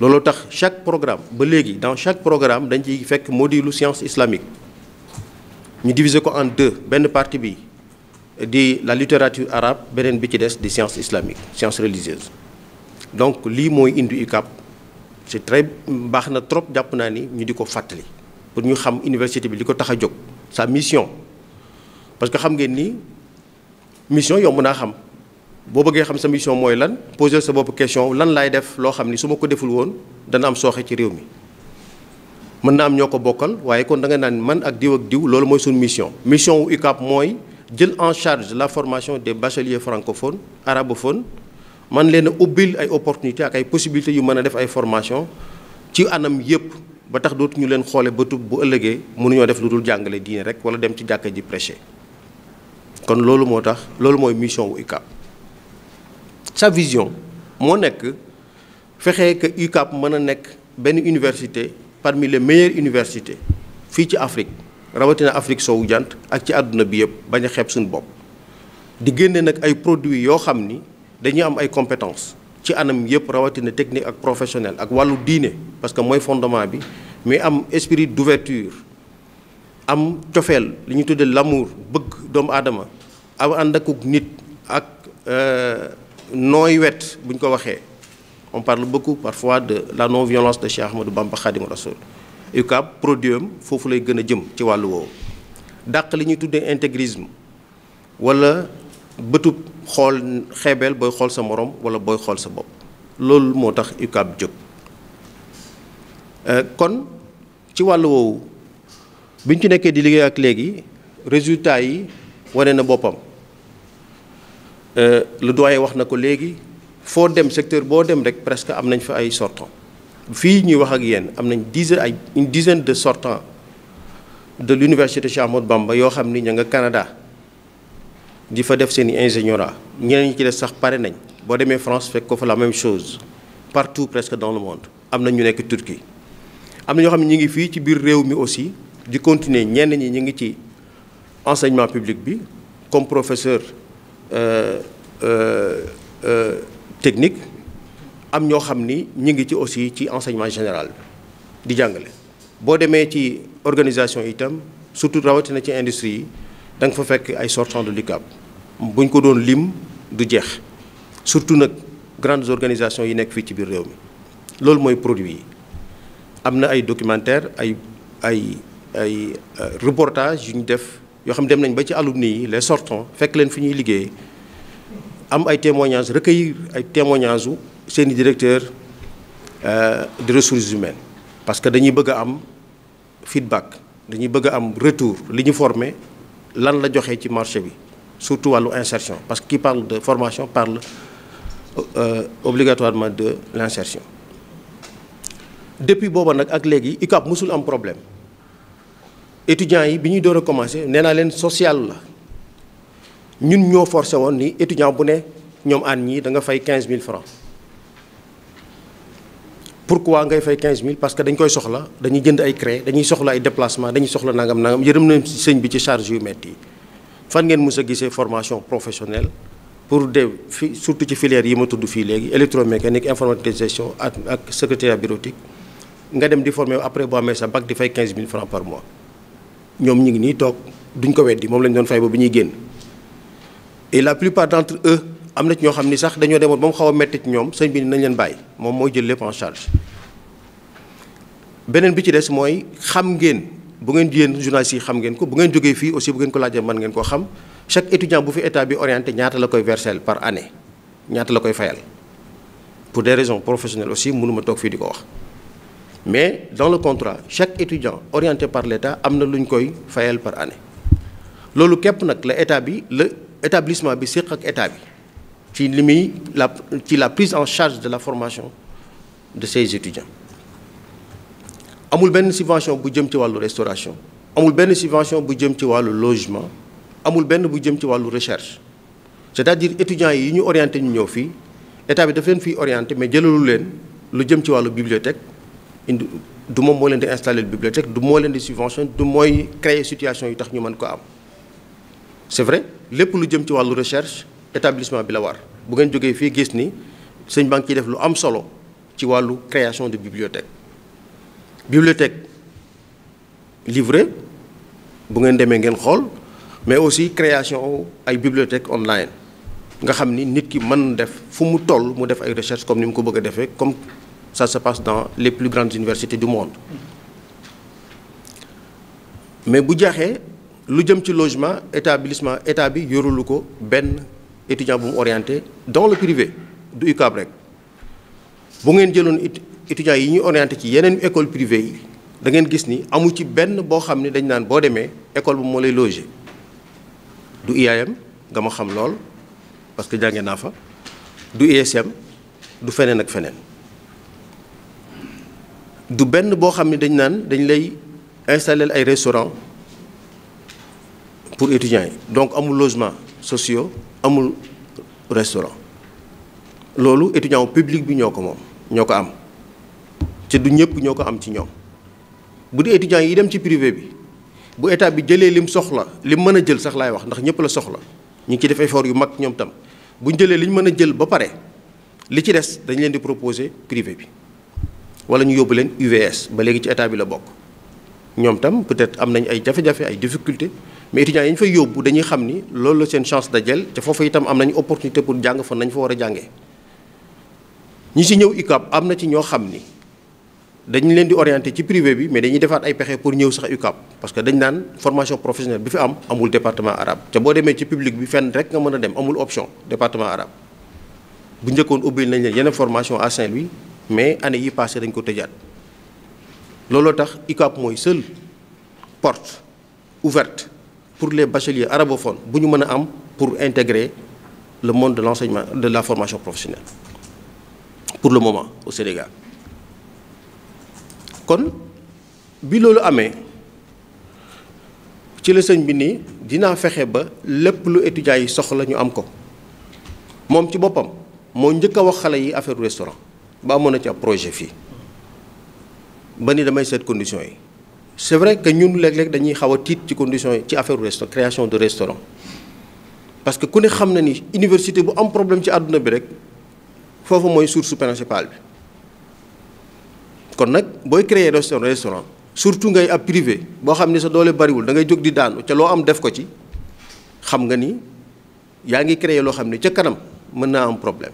looloo tax chaque programme ba léegi dans chaque programme dañ ciy fekk module science islamique ñu diviser ko en deux benn partie bi di la littérature arabe beneen bi ci des di science islamique science religieuse donc lii mooy indi UCAB c'est très baax na trop jàpp naa ni ñu di ko fàttali pour ñu xam université bi li ko tax a jóg sa mission parce que xam ngeen nii mission yomb naa xam boo bëggee xam sa mission mooy lan poser sa bopp question lan laay def loo xam ni su ma ko deful woon dana am sooxe ci réew mi. mën naa am ñoo ko bokkal waaye kon da nga naan man ak diw ak diw loolu mooy suñu mission mission wu UCAB mooy jël en charge la formation des bacheliers francophones arabophones man leen a ubbil ay opportunités ak ay possibilités yu mën a def ay formation ci anam yépp ba tax dootuñu leen xoole bëtub bu ëllëgee mënuñoo def lu dul jàngale rek wala dem ci jàkka ji prêcher kon loolu moo tax loolu mooy mission wu UCAB sa vision moo nekk fexe que UCAB mën a nekk benn université parmi les meilleures universités fii ci Afrique rawatina Afrique soowu jant ak ci àdduna bi yëpp bañ a xep suñu bopp di génne nag ay produits yoo xam ni dañuy am ay compétences ci anam yëpp rawatina technique ak professionnel ak wàllu diine parce que mooy fondement bi mais am esprit d'ouverture am cofeel li ñuy tuddee l'amour bëgg doomu aadama aw ànd akuk nit ak euh, nooy wet bu ñu ko waxee on parle beaucoup parfois de la non violence de Cheikh Ahmadou Bamba Khadim Rasoul UCAB produit foofu lay gën a jëm ci wàllu woowu dàq li ñuy tuddee intégrisme walla bëtub xool xeebeel booy xool sa moroom wala booy xool sa bopp loolu moo tax UCAB jóg euh, kon ci wàll woowu biñ ci nekkee di liggéey ak léegi résultat yi wane na boppam euh, le doyen wax na ko léegi foo dem secteur boo dem rek presque am nañ fa ay sortants fii ñuy wax ak yéen am nañ dizaine ay une dizaine de sortants de l'université Cheikh Ahmadou Bamba yoo xam ni ñu nga Canada di fa def seen i ingénieurat ñeneen ñi ci def sax pare nañ boo demee France fekk ko fa la même chose partout presque dans le monde am na ñu nekk Turquie am na ñoo xam ne ñu ngi fii ci biir réew mi aussi. di continuer ñenn ñi ñu ngi ci enseignement public bi comme professeur euh, euh, euh, technique am ñoo xam ni ñu ngi ci aussi ci enseignement général di jàngale. boo demee ci organisation itam surtout rawatina ci industrie yi da nga fa fekk ay sortants de l'UCAB bu ñu ko doon lim du jeex surtout nag grandes organisations yi nekk fii ci biir réew mi loolu mooy produit yi am na ay documentaire ay ay. ay euh, reportage yu ñu def yoo xam dem nañ ba ci alumni yi les sorton fekk leen fi ñuy liggéey am ay témoignages recueillir ay témoignages u seen i directeur euh, de ressources humaines parce que dañuy bëgg a am feedback dañuy bëgg a am retour li ñu formé lan la joxe ci marché bi surtout wàllu insertion parce que qui parle de formation parle euh, obligatoirement de l'insertion depuis booba nag ak léegi UCAB mosul am problème étudiants yi bi ñuy door a commencé nee naa leen social la ñun ñoo forcé woon ni étudiant bu ne ñoom aan ñii da nga fay 15000 francs pourquoi ngay fay mille parce que dañ koy soxla dañuy jënd ay craie dañuy soxla ay déplacement dañuy soxla nangam nangam yërëm nañ si sëñ bi ci charge yu métti yi fan ngeen mës a gisee formation professionnelle pour de fi surtout ci filières yi ma tudd fii léegi électromécanique informatique gestion ak ak secrétariat bureautique nga dem di former après boo amee sa bac di fay 15000 par mois. ñoom ñu ngi nii toog duñ ko weddi moom lañ doon fay ba ñuy génn et la plupart d'entre eux am na ci ñoo xam ni sax dañoo demoon ba mu xaw a metti ci ñoom sëñ bi nañ leen bàyyi moom mooy jël lépp en charge beneen bi ci des mooy xam ngeen bu ngeen yéen journalistes yi xam ngeen ko bu ngeen jógee fii aussi bu ngeen ko laajee mën ngeen koo xam chaque étudiant bu fi état bi orienté ñaata la koy versel par année ñaata la koy fayal pour des raisons professionnelles aussi mënuma toog fii di ko wax mais dans le contrat chaque étudiant orienté par l'État am na lu ñu koy fayal par année loolu képp nag la état bi la établissement bi séq ak état bi ci li muy la ci la prise en charge de la formation de ces étudiants amul benn subvention bu jëm ci wàllu restauration amul benn subvention bu jëm ci wàllu logement amul benn bu jëm ci wàllu recherche c'est-à-dire étudiants yi ñu orienté ñu ñëw fii état bi daf leen fiy orienté mais jëlalu leen lu jëm ci wàllu bibliothèque indi du moom moo leen di installer bibliothèque du moo leen di subvention du mooy créer situation yu tax ñu mën ko am c'est vrai lépp lu jëm ci wàllu recherche établissement bi la war bu ngeen jógee fii gis ni sëñ baa ngi ciy def lu am solo ci wàllu création de bibliothèque bibliothèque livrée bu ngeen demee ngeen xool mais aussi création ay bibliothèque online nga xam ni nit ki man def fu mu toll mu def ay recherche comme ni mu ko bëgg a defee comme Ça se passe dans les plus grandes universités du monde. mais bu jaaxee lu jëm ci logement établissement état bi yorulu ko benn étudiant bu mu orienté dans le privé du UCAB rek bu ngeen jëloon étudiants yi ñuy orienté ci yeneen école privée yi da ngeen gis ni amu ci benn boo xam ne dañ naan boo demee école bu moo lay loger du IAM nga ma xam lool parce que jàngee naa fa du ISM du feneen ak feneen du benn boo xam ne dañ naan dañ lay installer ay restaurant pour étudiants yi donc amul logement sociaux amul restaurant loolu étudiant public bi ñoo ko moom ñoo ko am te du ñëpp ñoo ko am ci ñoom bu dee étudiants yi dem ci privé bi bu état bi jëlee lim soxla lim mën a jël sax laay wax ndax ñëpp la soxla ñu ngi ciy def yu mag ñoom tam bu ñu jëlee li ñu mën a jël ba pare li ci des dañ leen di proposer privé bi. wala ñu yóbbu leen UVS ba léegi ci état bi la bokk ñoom tam peut-être am nañ ay jafe-jafe ay difficultés mais étudiants yi ñu fay yóbbu dañuy xam ni loolu la seen chance dajale te foofu itam am nañu opportunité pour jàng fan nañ fa war a jàngee ñi si ñëw UCAB am na ci ñoo xam ni dañu leen di orienté ci privé bi mais dañuy defaat ay pexe pour ñëw sax UCAB parce que dañ naan formation professionnelle bi fi am amul département arabe te boo demee ci public bi fenn rek nga mën a dem amul option département arabe bu njëkkoon ubbil nañ leen yeneen formation à saint mais année yi passé dañ ko tëjaat looloo tax UCAB mooy seule porte ouverte pour les bacheliers arabophones bu ñu mën a am pour intégrer le monde de l'enseignement de la formation professionnelle pour le moment au Sénégal kon bi loolu amee ci la sëñ bi ni dina fexe ba lépp lu étudia yi soxla ñu am ko moom ci boppam moo njëkk a wax xale yi affaire restaurant ba amoon na ci ab projet fii ba ni damay seet conditions yi c'est vrai que ñun léeg-léeg dañuy xaw a tiit ci condition yi ci affaire restaurant création de restaurant parce que ku ne xam na ni université bu am problème ci àdduna bi rek foofu mooy source principale bi kon nag booy créer restaurant restaurant surtout ngay ab privé boo xam ni sa doole bariwul dangay ngay jóg di daanu ca loo am def ko ci xam nga ni yaa ngi créer loo xam ni ca kanam mën naa am problème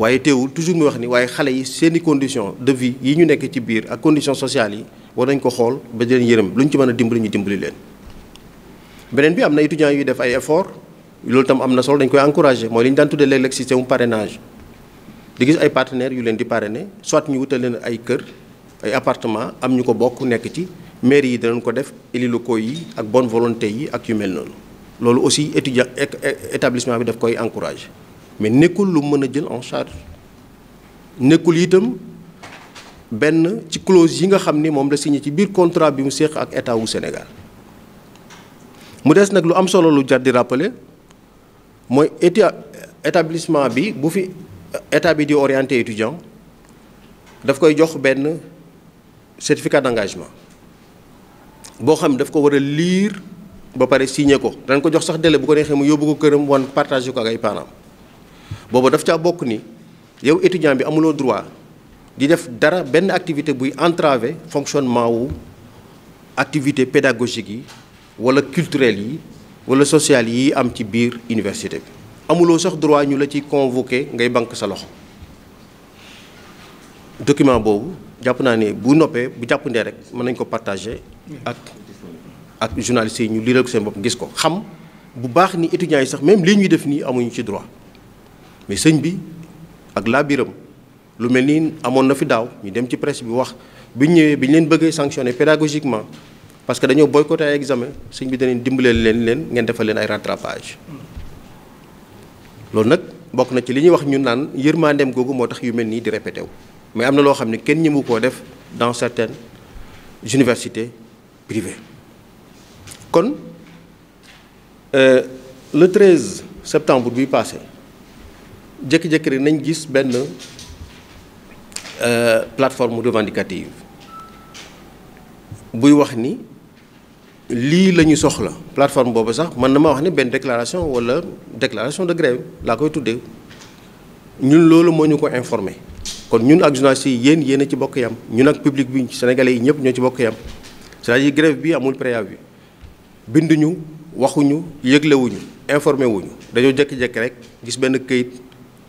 waaye teewul toujours mu wax ni waaye xale yi seeni condition de vie yi ñu nekk ci biir ak condition sociale yi war nañ ko xool ba di leen yërëm lu ñu ci mën a dimbali ñu dimbali leen. beneen bi am na étudiants yuy def ay effort loolu tam am na solo dañ koy encouragé mooy li ñu daan tuddee léeg-léeg système parrainage di gis ay partenaires yu leen di parrainer soit ñu wutal leen ay kër ay appartement am ñu ko bokk nekk ci mairie yi danañ ko def élus locaux yi ak bonne volonté yi ak yu mel noonu loolu aussi étudiant établissement bi daf koy encouragé. mais nekkul lu mën a jël en charge nekkul itam benn ci clause yi nga xam ni moom la signé ci biir contrat bi mu séq ak état wu Sénégal mu des nag lu am solo lu jar di rappeler mooy état établissement bi bu fi état bi di orienté étudiant daf koy jox benn certificat d'engagement boo xam daf ko war a lire ba pare signé ko dañ ko jox sax délai bu ko neexee mu yóbbu ko këram wan partagé ko ak ay parents boobu daf caa bokk ni yow étudiant bi amuloo droit di def dara benn activité buy entraver fonctionnement wu activité pédagogique yi wala culturelle yi wala sociale yi am ci biir université bi amuloo sax droit ñu la ci convoqué ngay banque sa loxo document boobu jàpp naa ne bu noppee bu ndee rek mën nañ ko partager ak ak journalistes yi ñu liiral ko seen bopp gis ko xam bu baax ni étudiants yi sax même lii ñuy def nii amuñu ci droit mais sëñ bi ak laa biram lu mel nii amoon na fi daaw ñu dem ci presse bi wax bu ñu ñëwee bi ñu leen bëggee sanctionné pédagogiquement parce que dañoo boycotté ay examen sëñ bi daneen dimbaleel leen leen ngeen defal leen ay rattrapage loolu nag bokk na ci li ñuy wax ñu naan dem googu moo tax yu mel nii di répété wu mais am na loo xam ne kenn ñëmu koo def dans certaines université privées kon euh, le 13 septembre bi passé jékki-jékki rek nañ gis benn euh, plateforme revendicative buy wax ni lii la soxla plateforme boobu sax mën na ma wax ni benn déclaration walla déclaration de grève laa koy tuddee ñun loolu moo ñu ko informé kon ñun ak journalistes yi yéen yéen ci bokk yam ñun ak public bi sénégalais yi ñëpp ñoo ci bokk yam c'est-à-dire grève amul préavis bi binduñu waxuñu yëglewuñu informé wuñu dañoo jékki-jékki rek gis benn kayit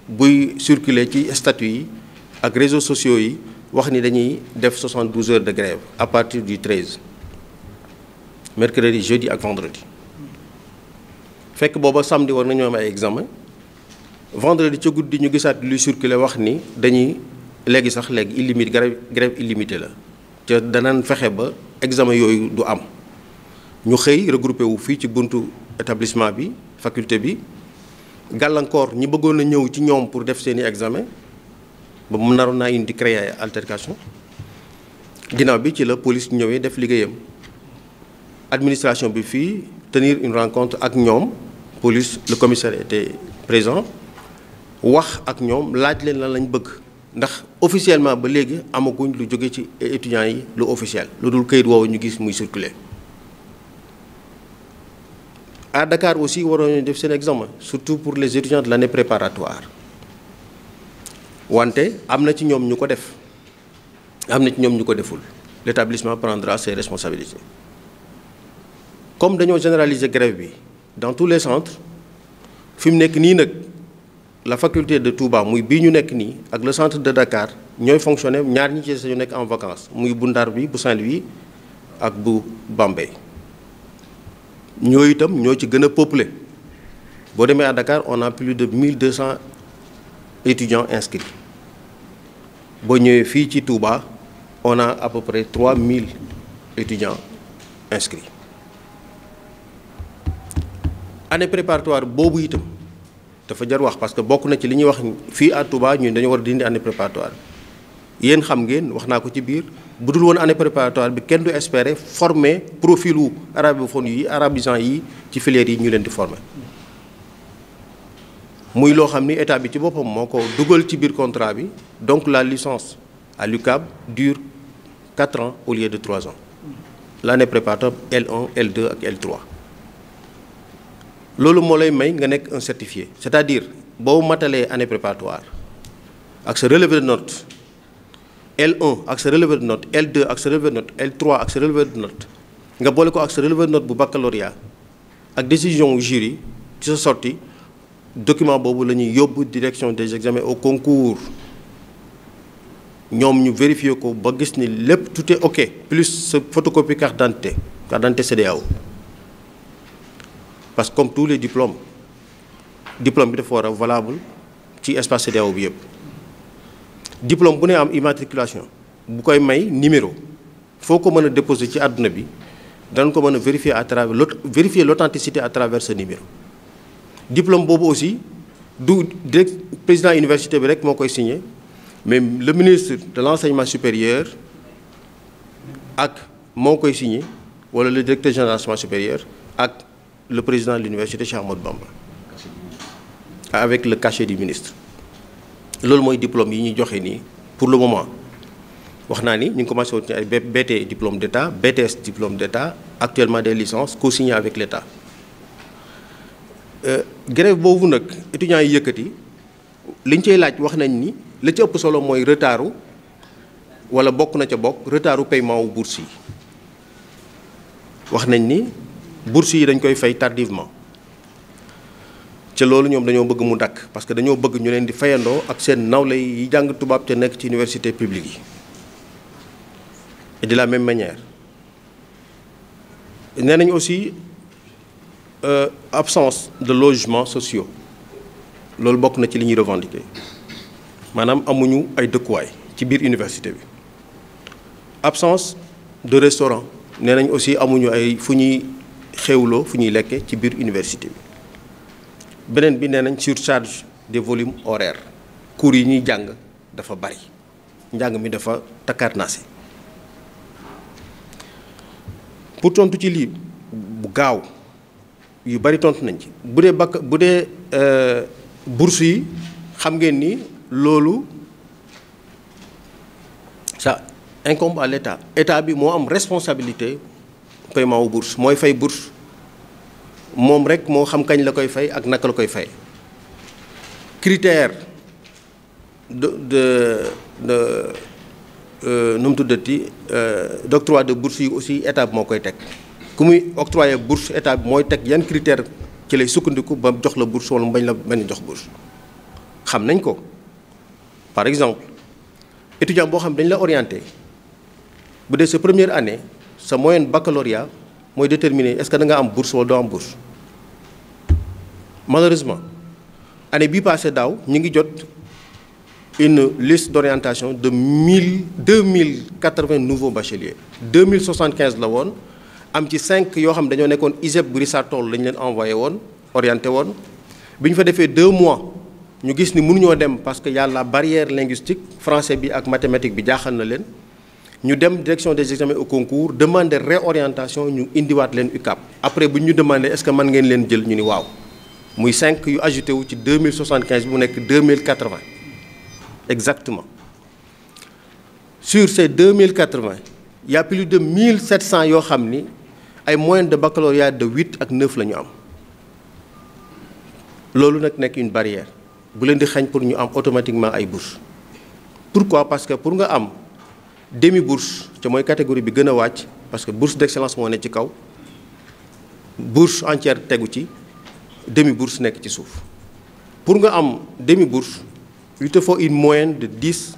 buy circuler ci statut yi ak réseaux sociaux yi wax ni dañuy def 72 heures de grève à partir du 13 mercredi jeudi ak vendredi fekk booba samedi war nañu am ay examen vendredi ca guddi ñu gisaat luy circuler wax ni dañuy léegi sax léegi illimité grève grève illimité la te danañ fexe ba examen yooyu du am ñu xëy regroupé wu fii ci buntu établissement bi faculté bi gàllankoor ñi bëggoon a ñëw ci ñoom pour def seeni i examen ba mu naroon naa indi créer altercation ginnaaw bi ci la police ñëwee def liggéeyam administration bi fii tenir une rencontre ak ñoom police le commissaire était présent wax ak ñoom laaj leen lan lañ bëgg ndax officiellement ba léegi amaguñ lu jóge ci étudiants yi lu officiel lu dul këyit woowu ñu gis muy circuler à Dakar aussi waroon nañu def seen examen surtout pour les étudiants de l'année préparatoire wante am na ci ñoom ñu ko def am na ci ñoom ñu ko deful l'établissement prendra ses responsabilités comme dañoo généraliser grève bi dans tous les centres fi mu nekk nii nag la faculté de Touba muy bii ñu nekk nii ak le centre de Dakar ñooy fonctionner ñaar ñi ci sañu nekk en vacances muy bu Ndar bi bu Saint-Louis ak bu bambe ñooy itam ñoo ci gën a peuplé boo demee à Dakar on a plus de 1200 étudiants inscrits boo ñëwee fii ci Touba on a à peu près 3000 étudiants inscrits année préparatoire boobu itam dafa jar wax parce que bokk na ci li ñuy wax fii à Touba ñun dañu war a dindi année préparatoire yéen xam ngeen wax naa ko ci biir. bu dul woon année préparatoire bi kenn du espérer former profilu arabophone yi arabisant yi ci filière yi ñu leen di former muy loo xam ni état bi ci boppam moo ko dugal ci biir contrat bi donc la licence à l'UCAB dure quatre ans au lieu de trois ans l'année préparatoire L1 l ak l loolu moo lay may nga nekk un certifié c'est-à-dire boo matalee année préparatoire ak sa relevé de note L1 ak sa relevé de note L2 ak sa relevé de nga boole ko ak sa relevé de bu baccalauréat ak décision jury ci sa sortie document boobu la ñuy yóbbu direction des examens au concours ñoom ñu vérifier ko ba gis ni lépp tout ok plus sa photocopie carte d'identité carte parce que comme tous les diplômes diplôme bi dafa war a valable ci espace CEDEAO bi yëpp diplôme bu ne am immatriculation bu koy may numéro foo ko mën a déposé ci àdduna bi dañ ko mën a vérifier à travers l' vérifier l' authenticité à travers ce numéro boobu aussi du direct président université bi rek moo koy signé mais le ministre de l' enseignement supérieur ak moo koy signé wala le directeur général de l'enseignement supérieur ak le président de l'université Cheikh Ahmadou Bamba avec le cachet du ministre loolu mooy diplôme yi ñu joxe ni pour le moment wax naa ni ñu ngi commencé woon ci ay BT diplôme d' état BTS d' état actuellement des licences co-signées avec l' état euh, boobu nag étudiants yi yëkkati liñ cey laaj wax nañ ni la ci ëpp solo mooy retardu wala bokk na ca bokk retardu paiement wu bourse yi wax nañ ni bourse yi dañ koy fay tardivement ca loolu ñoom dañoo bëgg mu dakk parce que dañoo bëgg ñu leen di fayandoo ak seen nawle yi jàng tubaab te nekk ci université publique yi de la même manière nee nañ aussi euh, absence de logements sociaux loolu bokk na ci li ñuy revendiquer maanaam amuñu ay dëkkuwaay ci biir université bi absence de restaurant nee nañ aussi amuñu ay fu ñuy xewloo fu ñuy lekke ci biir université bi beneen bi nee nañ surcharge des volumes horaires cours yi ñuy jàng dafa bari njàng mi dafa takkaat naa si pour tontu ci lii bu gaaw yu bari tontu nañ ci bu dee bakk bu dee euh, bourse yi xam ngeen ni loolu sa incombe l'état état bi moo am responsabilité paiement wu bourse mooy fay bourse moom rek moo xam kañ la koy fay ak naka la koy fay critère de de de euh, nu mu tuddati euh, d'octroi de bourse yi aussi état moo koy teg ku muy octroyer bourse état mooy teg yan critère ci lay sukkandiku ba jox la bourse wala mu bañ la bañ jox bourse xam nañ ko par exemple étudiant boo xam dañ la orienté bu dee sa première année sa moyenne baccalauréat mooy déterminer est-ce que da nga am bourse wala doo am bourse malheureusement année bii passé daaw ñu ngi jot une liste d'orientation de mille deux mille quatre-vingts nouveaux bacheliers deux mille soixante-quinze la woon am ci cinq yoo xam dañoo nekkoon ISEP bu Richard Toll lañu leen envoyé woon orienté woon bi ñu fa defee deux mois ñu gis ni mënuñoo dem parce que yàlla barrière linguistique français bi ak mathématique bi jaaxal na leen ñu dem direction des examens au concours demande réorientation ñu indiwaat leen UCAB après bu ñu demandé est-ce que mën ngeen leen jël ñu ni waaw muy cinq yu ajouté wu ci 2075 mu nekk 2080 exactement sur ces 2080 il y a plus de 1700 yoo xam ni ay moyenne de baccalauréat de 8 ak 9 la ñu am loolu nag nekk une barrière bu leen di xañ pour ñu am automatiquement ay bourse pourquoi parce que pour nga am demi bourse te mooy catégorie bi gën a wàcc parce que bourse d'excellence moo nekk ci kaw bourse entière tegu ci demi bourse nekk ci suuf pour nga am demi bourse il te faut une moyenne de dix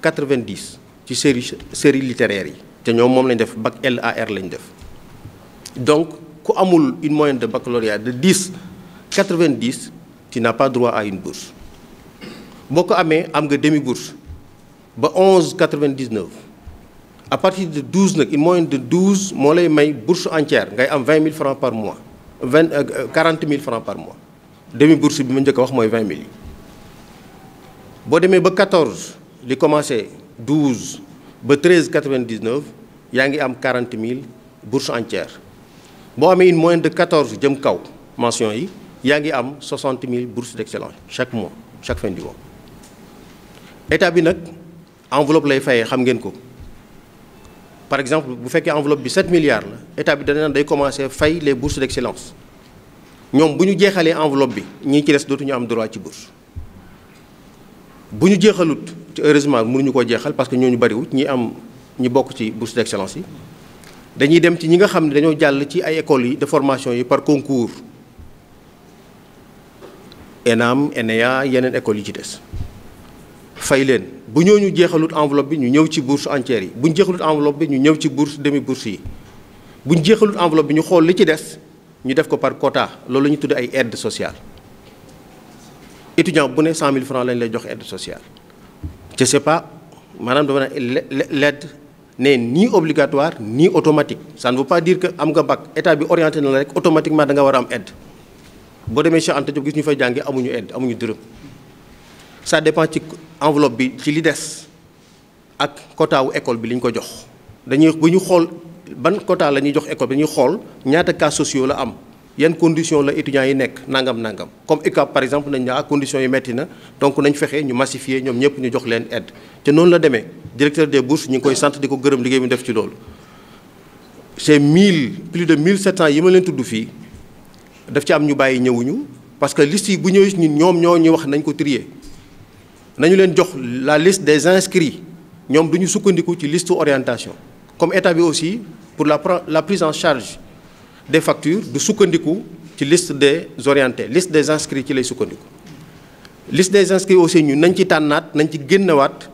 90 ci série série littéraire yi te ñoom moom lañ def bac LAR lañ def donc ku amul une moyenne de baccalauréat de 10 90 tu n'as pas droit à une bourse boo ko amee am nga demi bourse ba 11 99 à partir de 12 nag une moyenne de 12 moo lay may bourse entière ngay am vingt mille francs par mois 20 40 euh, euh, mille francs par mois demi bourse bi ma njëkk a wax mooy 20 boo demee ba 14 li commencé 12 ba 13 99 yaa ngi am quarante mille bourse entière boo amee une moyenne de 14 jëm kaw mention yi yaa ngi am 60 mille bourses d'excellence chaque mois chaque fin du mois état bi nag. enveloppe lay fayee xam ngeen ko par exemple bu fekkee enveloppe bi 7 milliards la état bi dana naan day commencer fay les bourses d'excellence ñoom bu ñu jeexalee enveloppe bi ñii ci des dootuñu am droit ci bourse bu ñu jeexalut ci heureusement mënuñu koo jeexal parce que ñooñu bariwut ñi am ñi bokk ci bourse d'excellence yi dañuy dem ci ñi nga xam ne dañoo jàll ci ay écoles yi de formation yi par concours ENAM ENEA yeneen écoles yi ci des fay leen. bu ñu jeexalut enveloppe bi ñu ñëw ci bourse entière yi bu ñu jeexalut enveloppe bi ñu ñëw ci bourse demi bourse yi bu ñu jeexalut enveloppe bi ñu xool li ci des ñu def ko par quota loolu la ñu tudd ay aide sociale étudiant bu ne 100000 francs lañ lay jox aide sociale je sais pas maanaam dama ne ledd n'est ni obligatoire ni automatique ça ne veut pas dire que am nga bac état bi orienté na la rek automatiquement da nga war am aide boo demee Cheikh Anta gis ñu fay jàngee amuñu aide amuñu dërëm ça dépend ci enveloppe bi ci li des ak quota wu école bi li ñu ko jox dañuy bu ñu xool ban quota la ñuy jox école bi dañuy xool ñaata cas sociaux la am yan condition la étudiants yi nekk nangam nangam comme ECAP par exemple nañ naa ah, conditions yi metti na donc nañ fexe ñu massifier ñoom ñëpp ñu jox leen aide te noonu la demee directeur de bourses ñu ngi koy sant di ko gërëm liggéey bi def ci loolu c'est mille plus de mille sept cent yi ma leen tudd fii daf ci am ñu bàyyi ñëwuñu parce que liste bu ñëwee ñun ñoom ñoo ñu wax nañ ko trier nañu leen jox la liste des inscrits ñoom du ñu sukkandiku ci liste orientation comme état bi aussi pour la la prise en charge des factures du sukkandiku ci liste des orientés liste des inscrits ci lay sukkandiku. liste des inscrits aussi ñu nañ ci tànnaat nañ ci génnewaat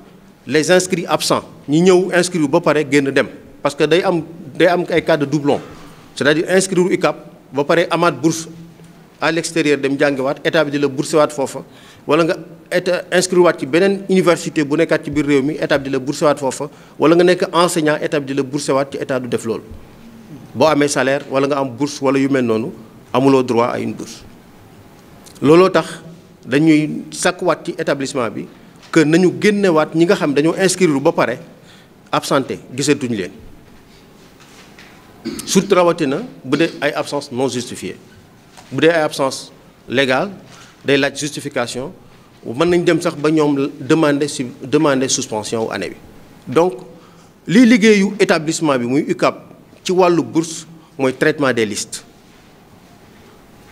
les inscrits absents ñi ñëw inscrire ba pare génn dem parce que day am day am ay cas de doublon c'est-à-dire inscrire UCAB ba pare amaat bourse à l'extérieur dem jàngiwaat état bi di la boursewaat foofa eta inscrire waat ci beneen université bu nekkaat ci biir réew mi état bi di la bourse waat foofa wala nga nekk enseignant état bi di la bourse waat ci état du def loolu boo amee salaire wala nga am bourse wala yu mel noonu amuloo droit à une bourse looloo tax dañuy sakkuwaat ci établissement bi que nañu génnewaat ñi nga xam dañoo inscrire ba pare absenté gisatuñu leen surtout rawatina bu dee ay absence non justifiée bu dee ay absence légale day laaj mën nañ dem sax ba ñoom demander su demande suspension wu année bi donc lii liggéeyu établissement bi muy UCAB ci wàllu bourse mooy traitement des listes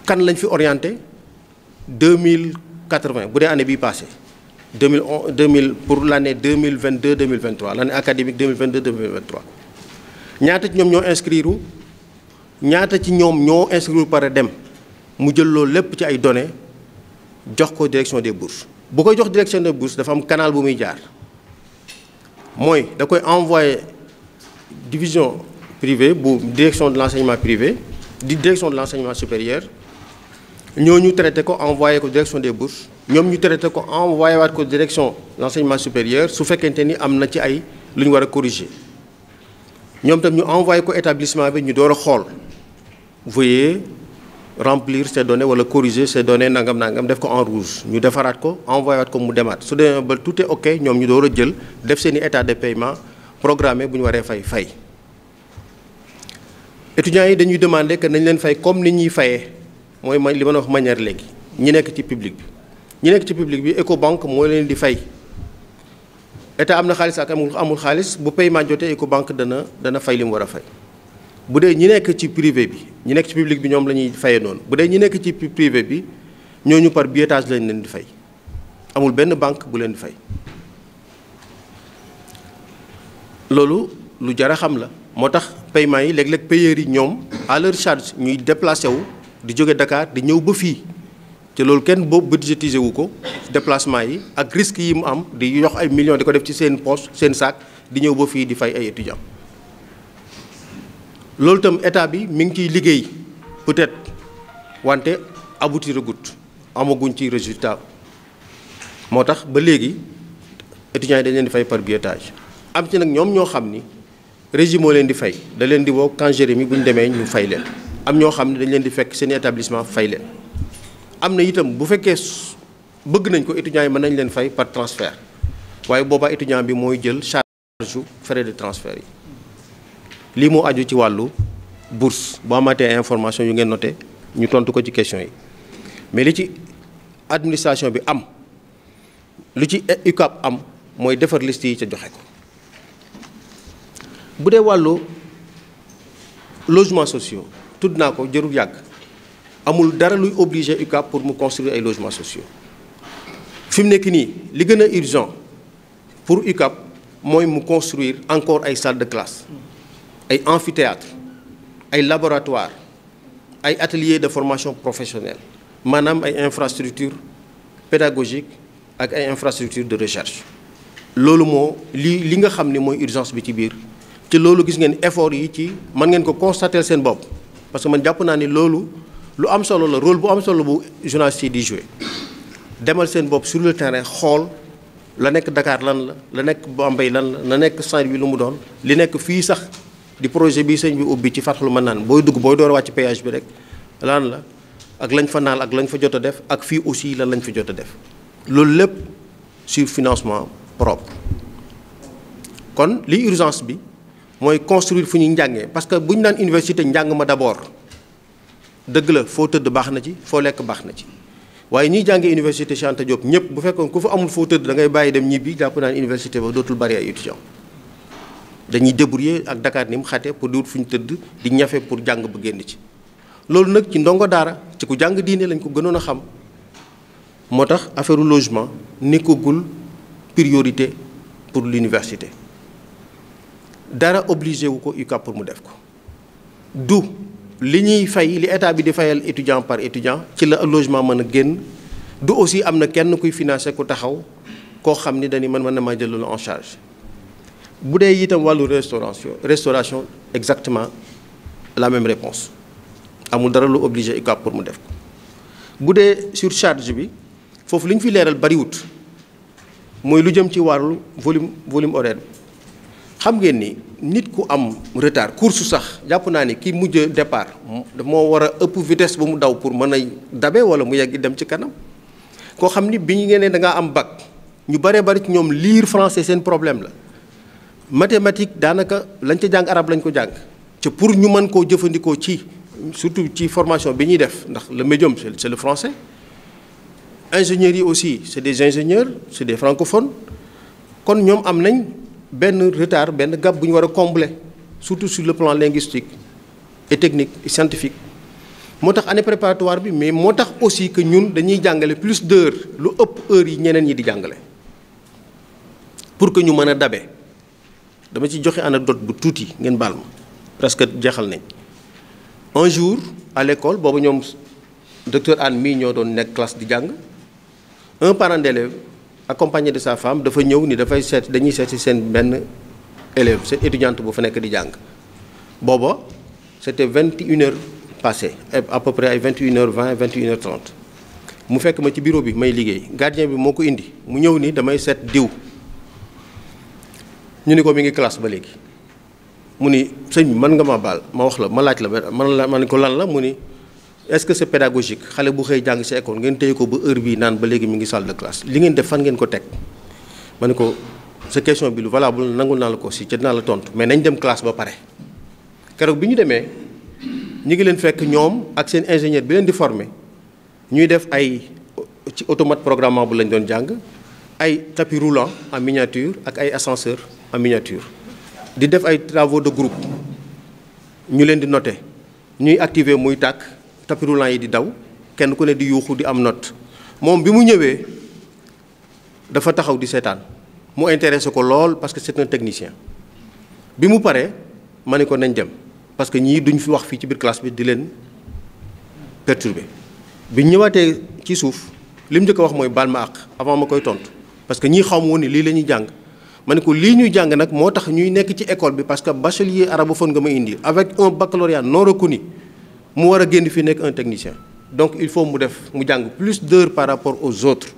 kan lañ fi orienté deux mille quatre-vingt bu dee année bii passée deux mille on deux mille pour l' année deux mille vingt deux deux mille vingt trois l' année académique deux mille vingt deux ñaata ci ñoom ñoo inscrire ñaata ci ñoom ñoo inscrire pare dem mu jël loolu lépp ci ay données. jox ko direction des bourses bu koy jox direction de bourses dafa am canal bu muy jaar mooy da koy envoyé division privée bu direction de l'enseignement privé di direction de l'enseignement supérieur ñu traité ko envoyé ko direction des bourses ñoom ñu traité ko envoyé waat ko direction l'enseignement supérieur su fekkente ni am na ci ay lu ñu war a ñoom tam ñu envoyé ko établissement bi ñu door a xool veuillez remplir ces données wala corriger ces données nangam nangam def ko en rouge ñu defaraat ko envoyé ko mu demaat su demee ba tout est ok ñoom ñu door a jël def seeni état de paiement programmé bu ñu waree fay fay. étudiants yi dañuy demander que nañ leen fay comme ni ñuy fayee mooy man li ma wax manière léegi ñi nekk ci public bi ñi nekk ci public bi Ecobank moo leen di fay état am na xaalis ak amul amul xaalis bu paiement jotee Ecobank dana dana fay li mu war a fay. bu dee ñi nekk ci privé bi ñi nekk ci public bi ñoom lañuy ñuy noonu bu dee ñi nekk ci privé bi ñooñu par billetage lañ leen di fay amul benn banque bu leen di fay loolu lu jar a xam la moo tax paiement yi léeg-léeg payeurs yi ñoom à leur charge ñuy déplacé wu di jóge Dakar di ñëw ba fii te loolu kenn boobu budgétisé wu ko déplacement yi ak risque yi mu am di yox ay millions di ko def ci seen poche seen saak di ñëw ba fii di fay ay étudiants. loolu itam état bi mi ngi ciy liggéey peut-être wante aboutir gut amaguñ ci résultat moo tax ba léegi étudiants yi dañ leen di fay par billetage am ci nag ñoom ñoo xam ni régime moo leen di fay da leen di woo congé mi bu ñu demee ñu fay leen am ñoo xam ne dañ leen di fekk seen établissement fay leen am na itam bu fekkee bëgg nañ ko étudiants yi mën nañ leen fay par transfert waaye booba étudiant bi mooy jël charge frais de transfert yi lii moo aju ci wàllu bourse boo amaatee information yu ngeen noté ñu tontu ko ci question yi mais li ci administration bi am lu ci UCAB am mooy defar liste yi ca joxe ko bu dee wàllu logement sociaux tudd naa ko jërul yàgg amul dara luy obligé UCAB pour mu construire ay logements sociaux fi mu nekk nii li gën a urgent pour UCAB mooy mu construire encore ay salles de classe ay amphithéâtre ay laboratoire ay atelier de formation professionnelle maanaam ay infrastructure pédagogique ak ay infrastructure de recherche loolu moo li li nga xam ni mooy urgence bi ci biir te loolu gis ngeen effort yi ci mën ngeen ko constater seen bopp parce que man jàpp naa ni loolu lu am solo la rôle bu am solo bu journaliste yi di jouer demal seen bopp sur le terrain xool la nekk Dakar lan la la nekk Bambey lan la la nekk Saint-Louis lu mu doon li nekk fii di projet bi sëñ bi ubbi ci Fatxul Manaan booy dugg booy door wàcc péage bi rek lan la ak lañ fa naan ak lañ fa jot a def ak fii aussi lan lañ fa jot a def loolu lépp sur financement propre kon li urgence bi mooy construire fu ñuy njàngee parce que bu naan université njàng ma d'abord dëgg la foo tëdd baax na ci foo lekk baax na ci waaye ñiy jàngee université Cheikh Anta Diop ñëpp bu fekkoon ku fa amul foo tëdd da ngay bàyyi dem ñibbi jàpp naan université ba dootul bari dañuy débrouiller ak dakaar ni mu xate pour di wut fu ñu tëdd di ñafe pour jàng bu génn ci loolu nag ci ndongo dara ci ku jàng diine lañ ko gënoon a xam moo tax affaire logement nekkagul priorité pour l'université dara obligé wu ko UCAB pour mu def ko du li ñuy fay li état bi di fayal étudiant par étudiant ci la logement mën a génn du aussi am na kenn kuy financé ku taxaw koo xam ni dañu man mën na maa jël loolu en charge bu dee itam wàllu restauration restauration exactement la même réponse amul dara lu obligé UCAB pour mu def ko bu dee surcharge bi foofu li ñu fi leeral bariwut mooy lu jëm ci wàllu volume volume bi xam ngeen ni nit ku am retard course sax jàpp naa ni ki mujj départ moo war a ëpp vitesse ba mu daw pour mën a dabe wala mu yegg dem ci kanam koo xam ni bi ñu ngeen ne da ngaa am bac ñu baree bari ci ñoom lire français seen problème la mathématique daanaka lañ ca jàng arab lañ ko jàng ci pour ñu mën koo jëfandikoo ci surtout ci formation bi ñuy def ndax le médium c'est le français ingénieurs yi aussi c'est des ingénieurs c'est des francophones kon ñoom am nañ benn retard benn gap bu ñu war a combler surtout sur le plan linguistique et technique et scientifique moo tax année préparatoire bi mais moo tax aussi que ñun dañuy jàngale plus d'heures lu ëpp heures yi ñeneen ñi di jàngale pour que ñu mën a dabe dama ci joxe anecdote bu tuuti ngeen baal ma presque jeexal nañ un jour à l'école boobu ñoom docteur Anne mii ñoo doon nekk classe di jàng un parent d'élève accompagné de sa femme dafa ñëw ni dafay seet dañuy seet si seen benn élève seen étudiante bu fa nekk di jàng booba c'était vingt et une heures passées à peu près ay vingt une heures vingt vingt et une heures trente mu fekk ma ci bureau bi may liggéey gardien bi moo ko indi mu ñëw ni damay seet diw ñu ni ko mi ngi classe ba léegi mu ni sëñ man mën nga ma baal ma wax la ma laaj la man la man ko lan la mu ni est-ce que c'est xale bu xëy jàng ci école ngeen téye ko ba heure bii naan ba léegi mu ngi salle de classe li ngeen def fan ngeen ko teg ma ne ko sa question bi lu valable nangul naa la ko ci ca dinaa la tontu mais nañ dem classe ba pare keroog bi ñu demee ñu ngi leen fekk ñoom ak seen ingénieur bi leen di former ñuy def ay ci automate programmable lañ doon jàng ay tapis roulant en miniature ak ay ascenseur en miniature di def ay travaux de groupe ñu leen di noter ñuy activer muy tàkk tapis roulant yi di daw kenn ku ne di yuuxu di am note moom bi mu ñëwee dafa taxaw di seetaan mu intéressé ko lool parce que c'est un technicien bi mu paree ma ne ko nañ dem parce que ñii duñ fi wax fii ci biir classe bi di leen perturber bi ñëwaatee ci suuf li mu a wax mooy baal ma àq avant ma koy tontu. parce que ñii xaw ma woon lii lañuy jàng ma ne ko lii ñuy jàng nag moo tax ñuy nekk ci école bi parce que bachelier arabophone nga ma indi avec un baccalauréat non ni mu war a génn fii nekk un technicien donc il faut mu def mu jàng plus d'heures par rapport aux autres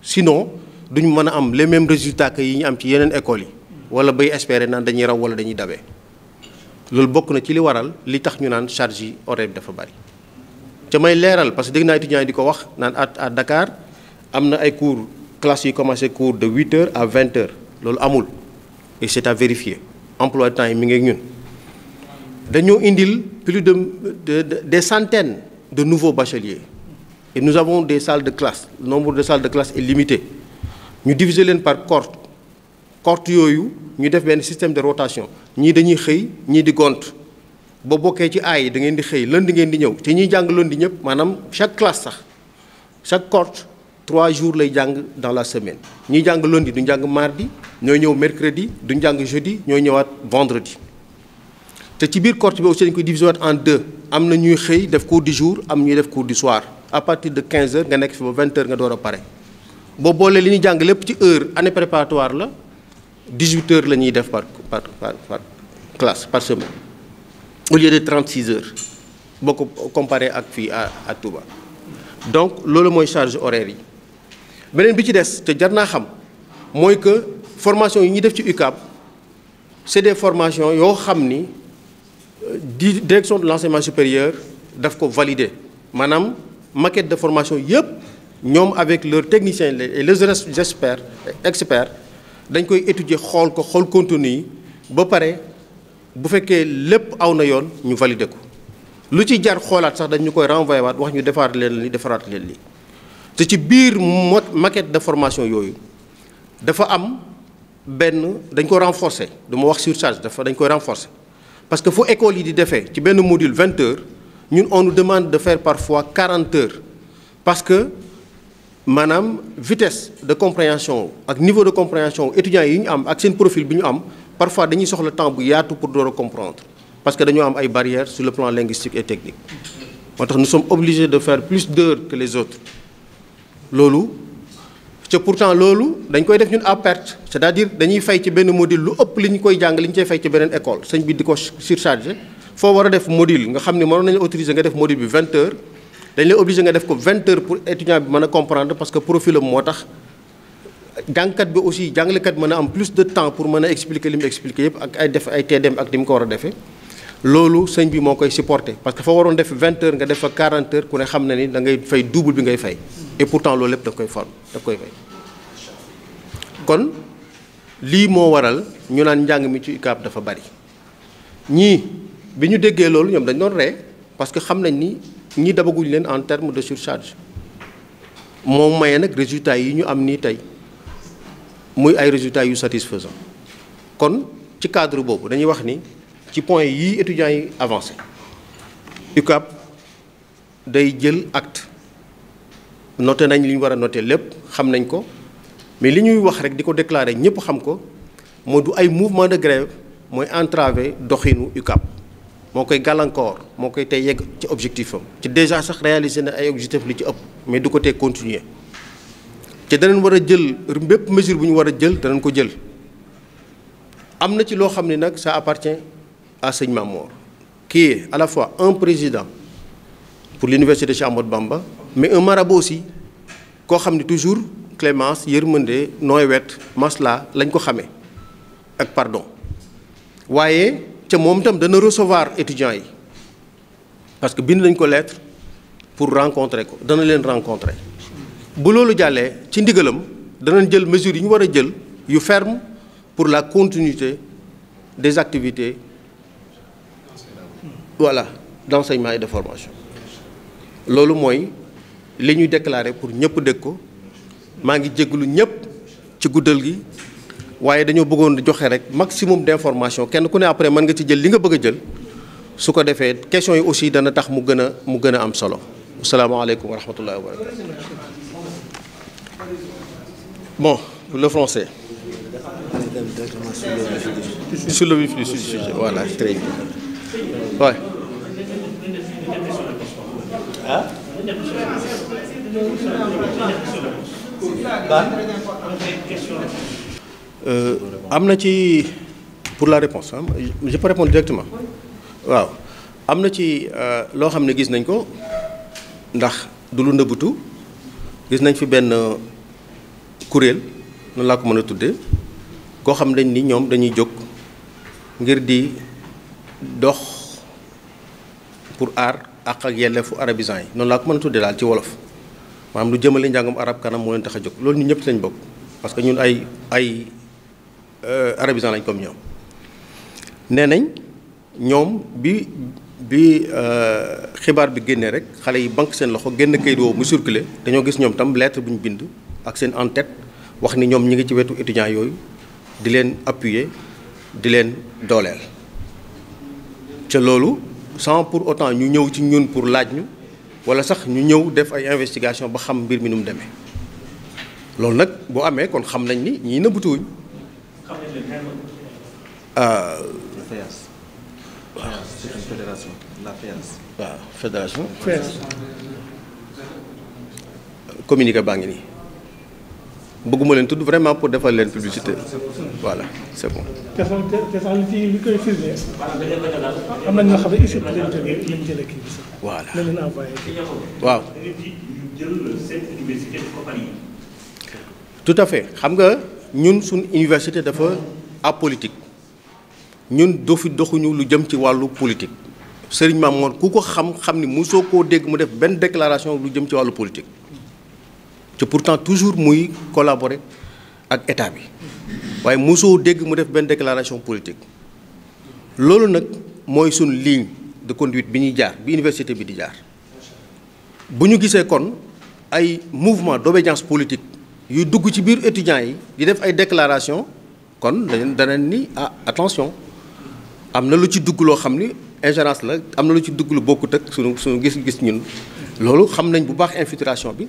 sinon duñu mën a am les mêmes résultats yi ñu am ci yeneen école yi wala bay espérer naan dañuy raw wala dañuy dabee loolu bokk na ci li waral li tax ñu naan charge yi bi dafa bari ca may leeral parce que dégg naa étudiants di ko wax naan à à Dakar am na ay cours classes yi commencé cours de huit heures à vingt heures loolu amul et c'est à vérifier emploi de temps yi mi ngi ñun dañoo indil plus de, de, de des centaines de nouveaux bacheliers et nous avons des salles de classe nombre de salles de classe est limité ñu diviser leen par cohorte corte yooyu ñu def benn système de rotation ñii dañuy xëy ñii di gont ba bokkee ci aay da ngeen di xëy lundi ngeen di ñëw te ñuy jàng lundi ñëpp maanaam chaque classe sax chaque corte trois jours lay jàng dans la semaine ñuy jàng lundi du jàng mardi ñoo ñëw mercredi du jàng jeudi ñooy ñëwaat vendredi te ci biir corte bi aussi dañ koy diviser waat en deux am na ñuy xëy def cours du jour am ñuy def cours du soir à partir de 15 heures nga nekk fi ba 20 heures nga door a pare boo boolee li ñuy jàng lépp ci heure année préparatoire la 18 heures la ñuy def par par par classe par semaine au lieu de 36 heures boo ko comparé ak fii à à donc loolu mooy charge horaire yi. beneen bi ci des te jar naa xam mooy que formation yi ñuy def ci UCAB c'est des formations yoo xam ni euh, di direction de l'enseignement supérieur daf ko valider maanaam maquette de formation yëpp ñoom avec leurs techniciens et leurs experts experts dañ koy étudier xool ko xool contenu yi ba pare bu fekkee lépp aw na yoon ñu valide ko lu ci jar xoolaat sax dañ ñu koy renvoyer waat wax ñu defaraat leen li defaraat leen li te ci biir mot maquette de formation yooyu dafa am benn dañ ko renforcer du wax surcharge dafa dañ koy renforcer parce que foo école yi di defee ci benn module vingt heures ñun on demande de faire parfois quarante heures parce que maanaam vitesse de compréhension ak niveau de compréhension étudiants yi ñu am ak seen profil bi ñu am parfois dañuy soxla temps bu yaatu pour door a comprendre parce que dañoo am ay barrières sur le plan linguistique et technique moo tax nous sommes obligés de faire plus d'heures que les loolu ca pourtant loolu dañ koy def ñun à perte c'est-à-dire dañuy fey ci benn module lu ëpp li ñu koy jàng li ñu cay fay ci beneen école sëñ bi di ko surchargé foo war a def module nga xam ne mënoon nañu autoriser nga def module bi 20 heures dañ lay obligé nga def ko 20 heures pour étudiant bi mën a comprendre parce que profil am moo tax jàngkat bi aussi jàngalekat mën a am de temps pour mën a expliquer li mu expliquer yëpp ak ay def ay TDM ak ni mu war a defee loolu sëñ bi moo koy supporté parce que fa waroon def 20 heures nga def fa 40 heures ku ne xam na ngay fay double bi ngay fay et pourtant loolu lépp da koy forme da koy fay kon lii moo waral ñu naan njàng mi ci UCAB dafa bari ñii bi ñu déggee loolu ñoom dañ doon ree parce que xam nañ ni ñii dabaguñ leen en terme de surcharge moom maye nag résultat yi ñu am nii tey muy ay résultat yu satisfaisant kon ci cadre boobu dañuy wax ni ci point yi étudiants yi avancé UCAB day jël acte noté nañ li ñu war a noté lépp xam nañ ko mais li ñuy wax rek di ko déclarer ñëpp xam ko moo du ay mouvement de grève mooy entraver doxinu UCAP moo koy gàllankoor moo koy tey yegg ci objectif am ci déjà sax réaliser na ay objectif li ci ëpp mais du ko tee continuer te danañ war a jël bépp mesure bu ñu war a jël danañ ko jël am na ci loo xam ni nag ça appartient à Sëñ Mamor qui est à la fois un président pour l'université Cheikh Ahmadou Bamba mais un marabout aussi koo xam ne toujours clémence yërmande nooy wet masla lañ ko xamee ak pardon waaye ca moom itam dana recevoir étudiants yi parce que bind nañ ko lettre pour rencontrer ko dana leen rencontrer bu loolu jàllee ci ndigalam danañ jël mesures yi ñu war a jël yu ferme pour la continuité des activités voilà d'enseignement et de formation loolu mooy li ñuy déclaré pour ñëpp dégg ko maa ngi jégalu ñëpp ci guddal gi waaye dañoo bëggoon joxe rek maximum d'information kenn ku ne après mën nga ci jël li nga bëgg a jël su ko defee question yi aussi dana tax mu gën a mu gën a am solo asalaamaaleykum wa rahmatullahi wa bon voilà très Euh, am na ci pour la réponse je peux répondre directement waaw am na ci euh, loo xam ne gis nañ ko ndax du lu nëbbutu gis nañ fi benn euh, kuréel noonu laa ko mën a tuddee koo xam dañ ni ñoom dañuy jóg ngir di dox pour aar. ak ak yelleefu arabisant yi noonu laa ko mën a tuddee daal ci wolof maanaam lu jëmale njàngum arab kanam moo leen tax a jóg loolu ñun ñëpp lañ bokk parce que ñun ay ay euh, arabisant lañ comme ñoom nee nañ ñoom bi bi euh, xibaar bi génnee rek xale yi banque seen loxo génn kayit woowu mu circulé dañoo gis ñoom tam lettre bu bind ak seen en wax ni ñoom ñi ngi ci wetu étudiants yooyu di leen appuyer di leen dooleel ca loolu sans pour autant ñu ñëw ci ñun pour laaj ñu wala sax ñu ñëw def ay investigation ba xam mbir mi nu mu demee loolu nag boo amee kon xam nañ ni ñii nëbbutuwuñ waaw euh, ah. fédération communiqué baa ngi nii bëgguma leen tudd vraiment pour defal leen publicité voilà c' est bon. te na ñoo xam ne ISRA lañ jëlee lañ jëlee kii waaw. tout à fait xam nga ñun suñ université dafa apolitique ñun dofi doxuñu lu jëm ci wàllu politique Serigne Mamour ku ko xam xam ni mosoo koo dégg mu def benn déclaration lu jëm ci wàllu politique. te pourtant toujours muy collaborer ak état bi waaye mosoo dégg mu def benn déclaration politique loolu nag mooy suñ ligne de conduite bi ñuy jaar bi université bi di jaar bu ñu gisee kon ay mouvement d'obédience politique yu dugg ci biir étudiants yi di def ay déclaration kon dañu danañ ni ah attention am na lu ci dugg loo xam ni ingérence la am na lu ci dugg lu bokkut ak sunu suñu gis-gis ñun loolu xam nañ bu baax infiltration bi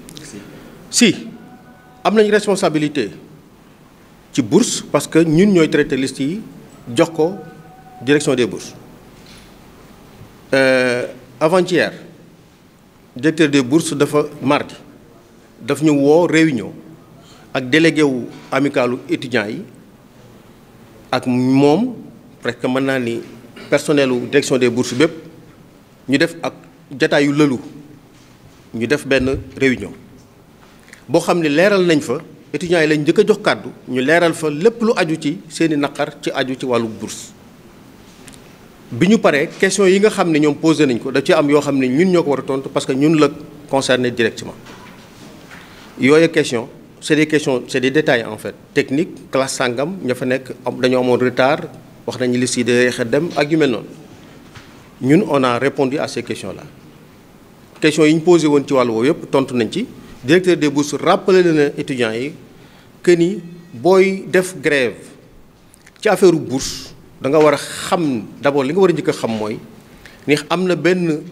si am nañ responsabilité ci bourse parce que ñun ñooy traité liste yi jox ko direction des bourses euh, avant directeur des bourses dafa mardi daf ñu woo réunion ak délégué wu amicalu étudiants yi ak moom presque mën naa ni personnel wu direction de bourses bépp ñu def ak jataayu lëlu ñu def benn réunion boo xam ne leeral nañ fa étudiants yi lañ njëkk jox kàddu ñu leeral fa lépp lu aju ci seeni naqar ci aju ci wàllu bourse bi ñu paree question yi nga xam ne ñoom posé nañ ko da ci am yoo xam ne ñun ñoo ko war a tontu parce que ñun la concerné directement yooyu question c'est des question c'est des détails en fait technique classe sàngam ña fa nekk dañoo amoon retard wax nañu li si de dem ak yu mel noonu ñun on a répondu à ces questions là questions posé woon ci wàllu woowu yëpp tontu nañ ci directeur des bourses rappelé na ne étudiants yi que ni booy def grève ci affaire bourse da nga war a xam d'abord li nga war a jëkk a xam mooy ni am na benn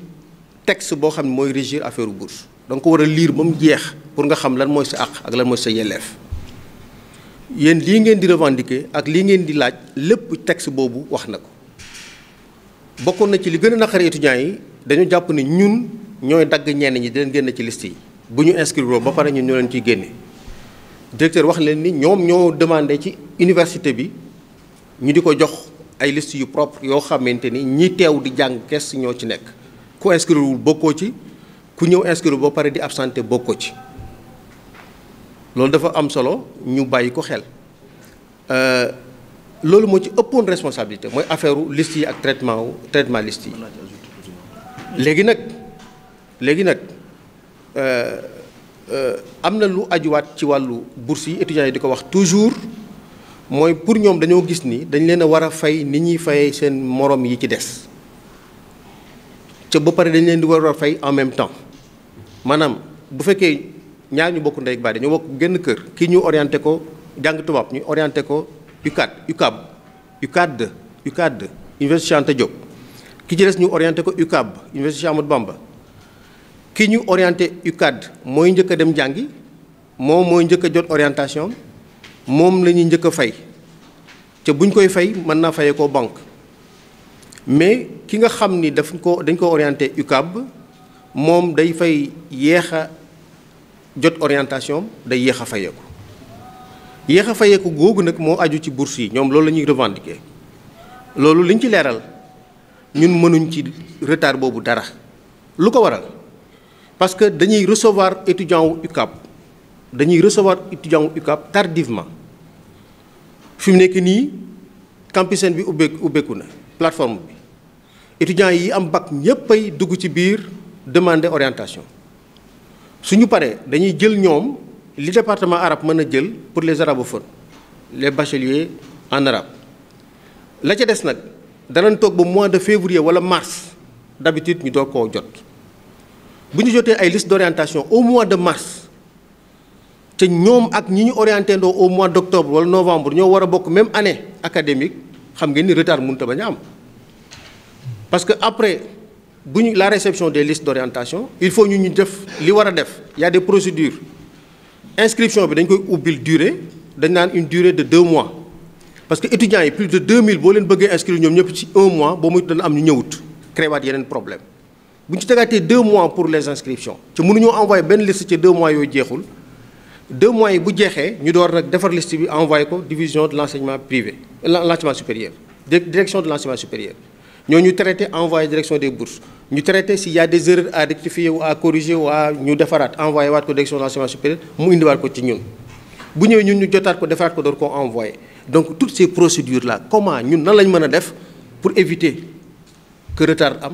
texte boo xam ne mooy régir affaire bourse da ko war a liir ba mu jeex pour nga xam lan mooy sa àq ak lan mooy sa yelleef yéen lii ngeen di revendiquer ak lii ngeen di laaj lépp texte boobu wax na ko bokkoon na ci li gën a naqari étudiants yi dañu jàpp ne ñun ñooy dagg ñenn ñi di leen génn ci liste yi. bu ñu inscrire ba pare ñun ñoo leen ciy génne directeur wax leen ni ñoom ñoo demandé ci université bi ñu di ko jox ay list yu propre yoo xamante ni ñi teew di jàng kes ñoo ci nekk ku inscrire bokkoo ci ku ñëw inscrire ba pare di absenté bokkoo ci loolu dafa am solo ñu bàyyi ko xel euh, loolu moo ci ëppoon responsabilité mooy affaire list yi ak traitement wu traitement liste yi léegi nag léegi nag. Euh, euh, am na lu ajuwaat ci wàllu bourse yi étudiants yi di ko wax toujours mooy pour ñoom dañoo gis ni dañ leen a war a fay ni ñuy fayee seen moroom yi ci des ca ba pare dañ leen di war a fay en même temps maanaam bu fekkee ñaar ñu bokk ndey ak baay dañoo bokk génn kër kii ñu orienté ko jàng tubaab ñu orienté ko UCAD UCAB UCAD UCAD Université Cheikh Anta Diop ki ci des ñu orienté ko UCAB Université Cheikh Amadou Bamba ki ñu orienté UCAD mooy njëkk a dem jàngi moom mooy njëkk a jot orientation moom la ñuy njëkk a fay te buñ koy fay mën naa fayee ko banque mais ki nga xam ni daf ko dañ ko orienté UCAB moom day fay yéex a jot orientation day yéex a fayeeku yéex a fayeeku googu nag moo aju ci bourse yi ñoom loolu la ñuy revendiquer loolu liñ ci leeral ñun mënuñ ci retard boobu dara lu ko waral parce que dañuy recevoir étudiant wu UCAB dañuy recevoir étudiant wu UCAB tardivement fi mu nekk nii campus bi ubbeeku ubbeeku na plateforme bi étudiants yi am bac ñëppay dugg ci biir demander orientation suñu paree dañuy jël ñoom li département arabe mën a jël pour les arabophones les bacheliers en arabe la ca des nag danañ toog ba mois de février wala mars d'habitude ñu doog koo jot bu ñu jotee ay liste d'orientation au mois de mars te ñoom ak ñi ñu orienté ndoo au mois d'octobre wala novembre ñoo war a bokk même année académique xam ngeen ni retard mënut a bañ am parce que après bu ñu la réception des listes d'orientation il faut ñu ñu def li war a def yaa a des procédures inscription bi dañ koy ubbil durée dañ naan une durée de deux mois parce que étudiants yi plus de 2000 boo leen bëggee inscrire ñoom ñëpp ci un mois boo muy dana am ñu ñëwut créewaat yeneen problème bu ñu ci tegaatee deux mois pour les inscriptions ci mënuñoo envoyé benn liste ci deux mois yooyu jeexul deux mois yi bu jeexee ñu door nag defar liste bi envoyé ko division de l' enseignement privé euh, l'enseignement supérieur direction de l'enseignement supérieur ñoo ñu traité envoyé direction des bourses ñu traité s'il y a des à rectifier ou à corriger ou à ñu defaraat envoyé waat ko direction de l'enseignement supérieur mu indiwaat ko ci ñun bu ñëwee ñun ñu jotaat ko defaraat ko door ko envoyé donc toutes ces procédures là comment ñun nan lañ mën a def pour éviter que am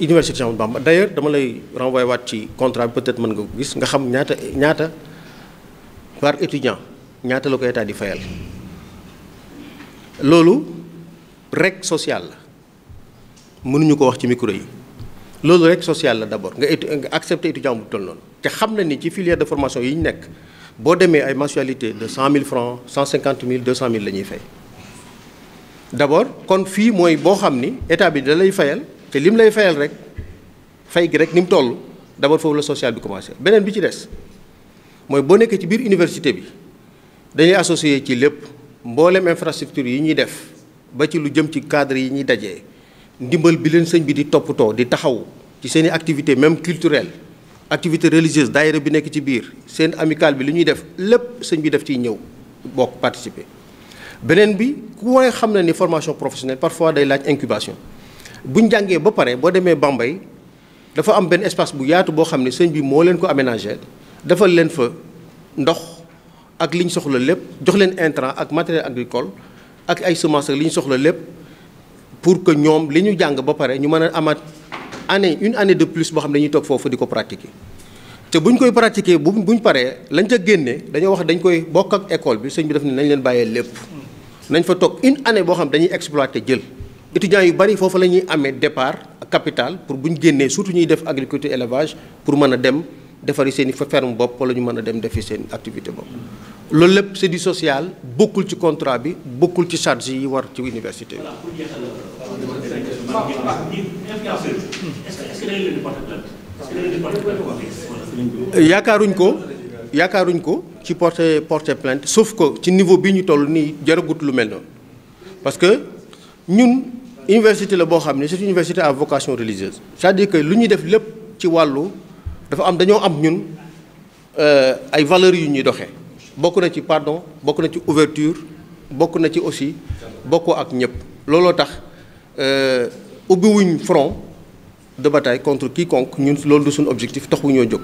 université Cheikh Ahmadou Bamba d'ailleurs dama lay renvoyer waat ci contrat bi peut-être mën nga ko gis nga xam ñaata ñaata par étudiant ñaata la ko état di fayal loolu rek social la mënuñu ko wax ci micro yi loolu rek social la d'abord nga nga accepté étudiant bu toll noonu te xam na ni ci filière de formation yi ñu nekk boo demee ay mensualité de cent mille francs cent cinquante mille deux cent mille la ñuy fay d'abord kon fii mooy boo xam ni état bi da lay fayal. te lim lay fayal rek fay gi rek ni mu toll d'abord foofu la social bi commencé beneen bi ci des mooy boo nekkee ci biir université bi dañuy associé ci lépp mboolem infrastructure yi ñuy def ba ci lu jëm ci cadre yi ñuy dajee ndimbal bi leen sëñ bi di toppatoo di taxaw ci seen i activité même culturelle activité religieuse daayira bi nekk ci biir seen amical bi li ñuy def lépp sëñ bi def ci ñëw bokk participer beneen bi ku wone xam na ni formation professionnelle parfois day laaj incubation bu jàngee ba pare boo demee Bambey dafa am benn espace bu yaatu boo xam ne sëñ bi moo leen ko aménagé defal leen fa ndox ak li ñu soxla lépp jox leen intrant ak matériel agricole ak ay semences ak li ñu soxla lépp pour que ñoom li ñu jàng ba pare ñu mën a amaat année une année de plus boo xam ne dañuy toog foofu di ko pratiquer. te buñ koy pratiquer bu bu ñu paree lañ ca génnee dañoo wax dañ koy bokk ak école bi sëñ bi daf ne nañ leen bàyyee lépp nañ fa toog une année boo xam dañuy exploiter jël. étudiants yu bari foofu la ñuy amee départ capital pour bu ñu génnee surtout ñuy def agriculture élevage pour mën a dem defari seeni i ferme bopp wala ñu mën a dem defi seen activité bopp. loolu lépp c'est du social bokkul ci contrat bi bokkul ci charge yi war ci université bi. yaakaaruñ ko yaakaaruñ ko ci porter porte plant sauf ko ci niveau bi ñu toll nii jaragut lu mel noonu parce que ñun université la boo xam ne c'est une université à vocation religieuse c'est-à-dire que lu ñuy def lépp ci wàllu dafa am dañoo am ñun euh, ay valeurs yu ñuy doxee bokk na ci pardon bokk na ci ouverture bokk na ci aussi bokkoo ak ñëpp looloo tax euh, ubbiwuñ front de bataille contre quiconque ñun loolu du suñu objectif taxu ñoo jóg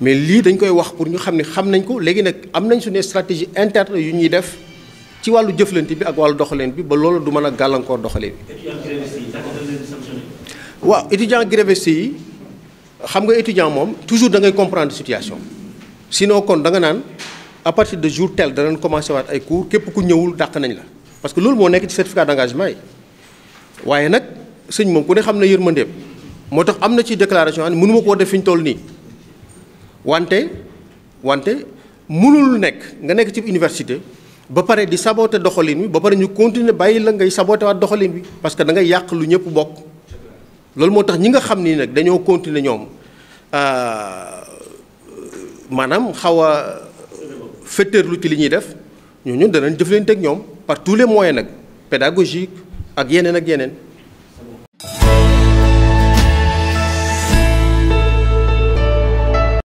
mais lii dañ koy wax pour ñu xam ni xam nañ ko léegi nag am nañ suñu stratégie interne yu ñuy def ci wàllu jëflante bi ak wàllu doxalin bi ba loolu du mën a gàllankoor doxalin bi. waaw étudiant grévistes yi xam nga étudiant moom toujours da ngay comprendre situation sinon kon da nga naan à partir de jour tel danañ commencé waat ay cours képp ku ñëwul dàq nañ la parce que loolu moo nekk ci certificat d'engagement yi waaye nag sëñ moom ku ne xam na yërmandeem moo tax am na ci déclaration an mënuma koo def fi ñu toll nii wante wante mënul nekk nga nekk ci université ba pare di saboter doxalin bi ba pare ñu continuer bàyyi la ngay saboter waat doxalin bi parce que da ngay yàq lu ñëpp bokk loolu moo tax ñi nga xam ni nag dañoo continuer ñoom euh, maanaam xaw a fétteerlu ci li ñuy def ñoo ñooñu danañ jëflante ak ñoom partout tous les moyens nag pédagogique ak yeneen ak yeneen.